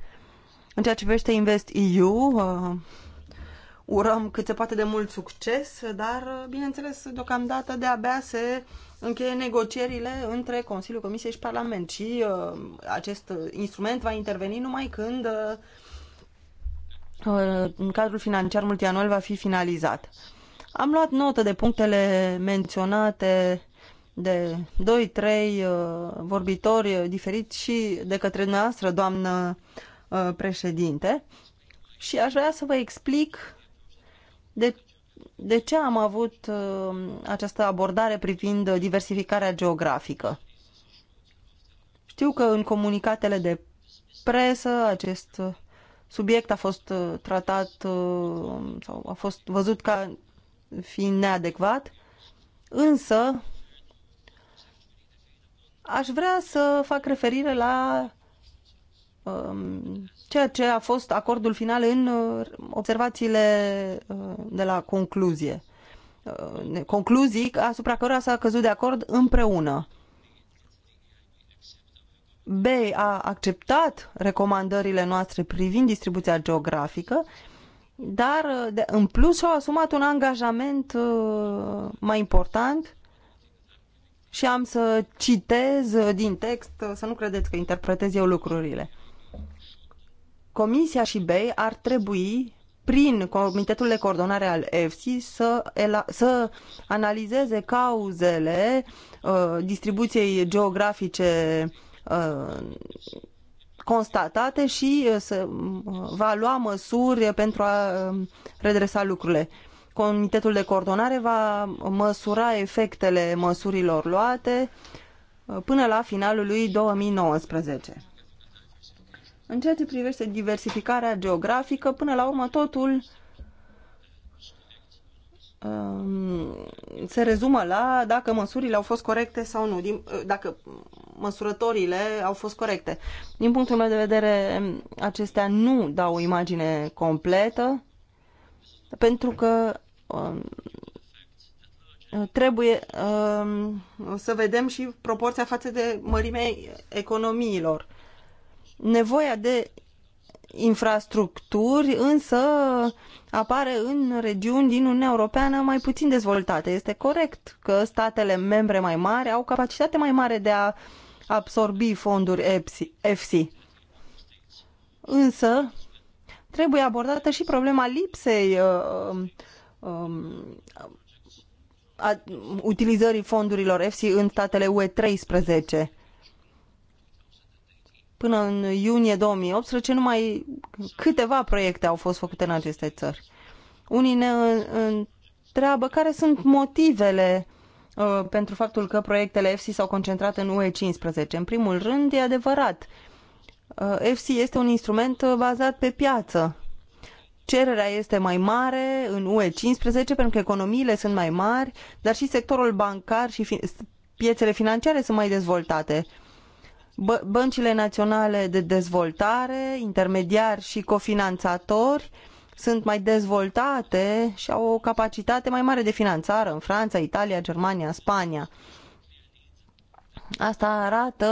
În ceea ce privește Invest EU, urăm cât se poate de mult succes, dar, bineînțeles, deocamdată de-abia se încheie negocierile între Consiliul Comisiei și Parlament și uh, acest instrument va interveni numai când uh, în uh, cadrul financiar multianual va fi finalizat. Am luat notă de punctele menționate de 2-3 uh, vorbitori diferiți și de către noastră, doamnă uh, președinte, și aș vrea să vă explic de, de ce am avut uh, această abordare privind diversificarea geografică? Știu că în comunicatele de presă acest subiect a fost uh, tratat uh, sau a fost văzut ca fiind neadecvat, însă aș vrea să fac referire la um, ceea ce a fost acordul final în uh, observațiile uh, de la concluzie. Uh, concluzii asupra cărora s-a căzut de acord împreună. B a acceptat recomandările noastre privind distribuția geografică, dar de, în plus au asumat un angajament mai important și am să citez din text, să nu credeți că interpretez eu lucrurile. Comisia și BEI ar trebui, prin Comitetul de Coordonare al EFSI, să, să analizeze cauzele uh, distribuției geografice uh, constatate și uh, să uh, va lua măsuri pentru a uh, redresa lucrurile. Comitetul de coordonare va măsura efectele măsurilor luate până la finalul lui 2019. În ceea ce privește diversificarea geografică, până la urmă totul um, se rezumă la dacă măsurile au fost corecte sau nu, din, uh, dacă măsurătorile au fost corecte. Din punctul meu de vedere, acestea nu dau o imagine completă, pentru că um, trebuie um, să vedem și proporția față de mărimea economiilor. Uh, Nevoia de infrastructuri însă apare în regiuni din Uniunea Europeană mai puțin dezvoltate. Este corect că statele membre mai mari au capacitate mai mare de a absorbi fonduri EFSI. Însă trebuie abordată și problema lipsei uh, um, um a utilizării fondurilor EFSI în statele UE 13 Până în iunie 2018, numai câteva proiecte au fost făcute în aceste țări. Unii ne întreabă care sunt motivele uh, pentru faptul că proiectele EFSI s-au concentrat în UE 15. În primul rând, e adevărat. Uh, EFSI este un instrument uh, bazat pe piață. Cererea este mai mare în UE 15 pentru că economiile sunt mai mari, dar și sectorul bancar și fi- piețele financiare sunt mai dezvoltate. Uh, băncile naționale de dezvoltare, intermediari și cofinanțatori sunt mai dezvoltate și au o capacitate mai mare de finanțare în Franța, Italia, Germania, Spania. Asta arată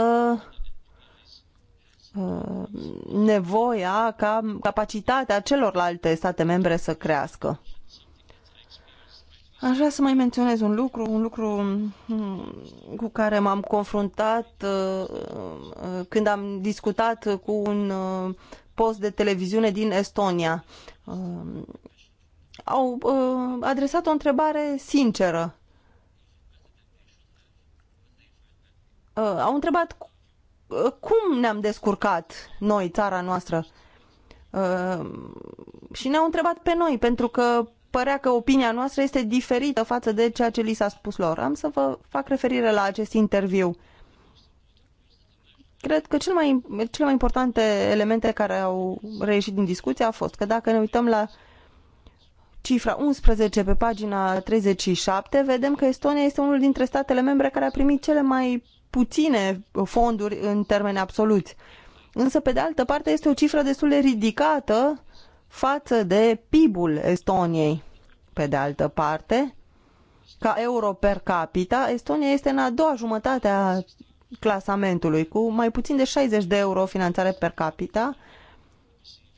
uh, nevoia ca capacitatea celorlalte state membre să crească. Aș vrea să mai menționez un lucru, un lucru mm, cu care m-am confruntat uh, uh, când am discutat cu un uh, post de televiziune din Estonia. Au adresat o întrebare sinceră. Au întrebat cum ne-am descurcat noi, țara noastră. Și ne-au întrebat pe noi, pentru că părea că opinia noastră este diferită față de ceea ce li s-a spus lor. Am să vă fac referire la acest interviu. Cred că cel mai, cele mai importante elemente care au reieșit din discuție a fost că dacă ne uităm la cifra 11 pe pagina 37, vedem că Estonia este unul dintre statele membre care a primit cele mai puține fonduri în termeni absoluți. Însă, pe de altă parte, este o cifră destul de ridicată față de PIB-ul Estoniei. Pe de altă parte, ca euro per capita, Estonia este în a doua jumătate a clasamentului, cu mai puțin de 60 de euro finanțare per capita,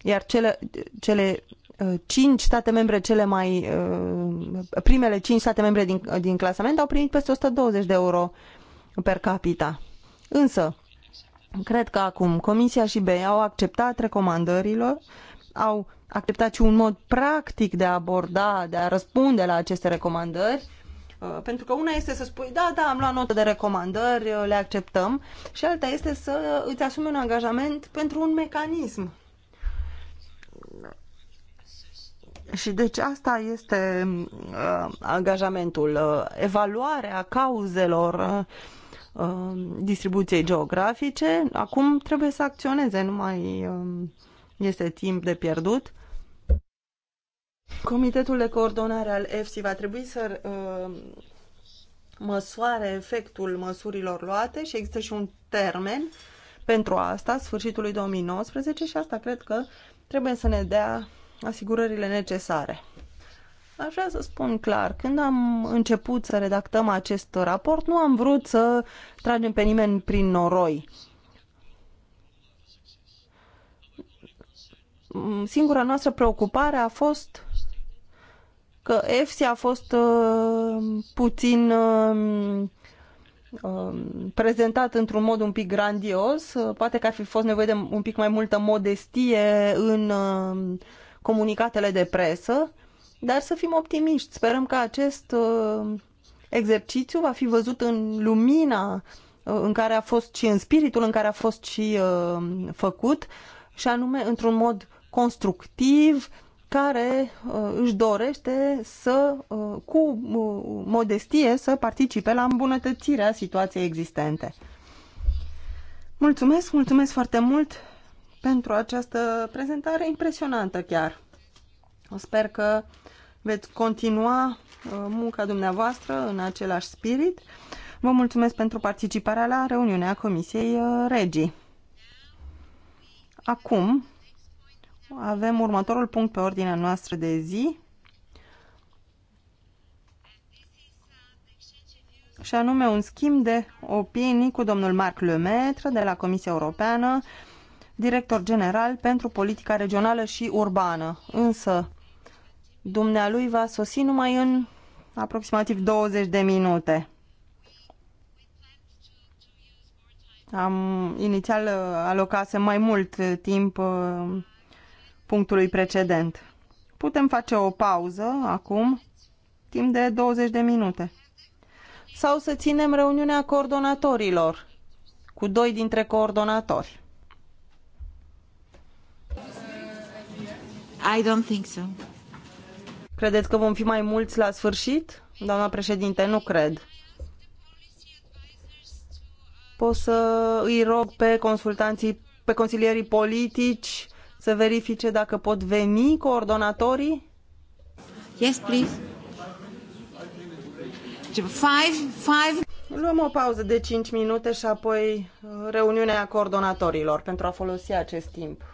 iar cele, cele uh, cinci state membre cele mai uh, primele cinci state membre din, din clasament au primit peste 120 de euro per capita. Însă, cred că acum Comisia și BEI au acceptat recomandările, au acceptat și un mod practic de a aborda, de a răspunde la aceste recomandări. Uh, pentru că una este să spui, da, da, am luat notă de recomandări, uh, le acceptăm, și alta este să îți asumi un angajament pentru un mecanism. Și deci asta este uh, angajamentul, uh, evaluarea cauzelor uh, uh distribuției geografice. Acum trebuie să acționeze, nu mai uh, este timp de pierdut. Comitetul de coordonare al EFSI va trebui să uh, măsoare efectul măsurilor luate și există și un termen pentru asta, sfârșitul lui 2019 și asta cred că trebuie să ne dea asigurările necesare. Aș vrea să spun clar, când am început să redactăm acest raport, nu am vrut să tragem pe nimeni prin noroi. Singura noastră preocupare a fost că EFSI a fost uh, puțin uh, prezentat într-un mod un pic grandios. Uh, poate că ar fi fost nevoie de un pic mai multă modestie în uh, comunicatele de presă, dar să fim optimiști. Sperăm că acest uh, exercițiu va fi văzut în lumina uh, în care a fost și în spiritul în care a fost și uh, făcut, și anume într-un mod constructiv, care uh, își dorește să, uh, cu uh, modestie, să participe la îmbunătățirea situației existente. Mulțumesc, mulțumesc foarte mult pentru această prezentare impresionantă chiar. Sper că veți continua munca dumneavoastră în același spirit. Vă mulțumesc pentru participarea la reuniunea Comisiei Regii. Acum avem următorul punct pe ordinea noastră de zi și anume un schimb de opinii cu domnul Marc Lemaitre de la Comisia Europeană, director general pentru politica regională și urbană. Însă, dumnealui va sosi numai în aproximativ 20 de minute. Am inițial alocase mai mult eh, timp uh, punctului precedent. Putem face o pauză acum, timp de 20 de minute. Sau să ținem reuniunea coordonatorilor cu doi dintre coordonatori. I don't think so. Credeți că vom fi mai mulți la sfârșit? Doamna președinte, nu cred. Pot să îi rog pe consultanții, pe consilierii politici să verifice dacă pot veni coordonatorii? Yes, please. Five, five. Luăm o pauză de 5 minute și apoi uh, reuniunea coordonatorilor pentru a folosi acest timp.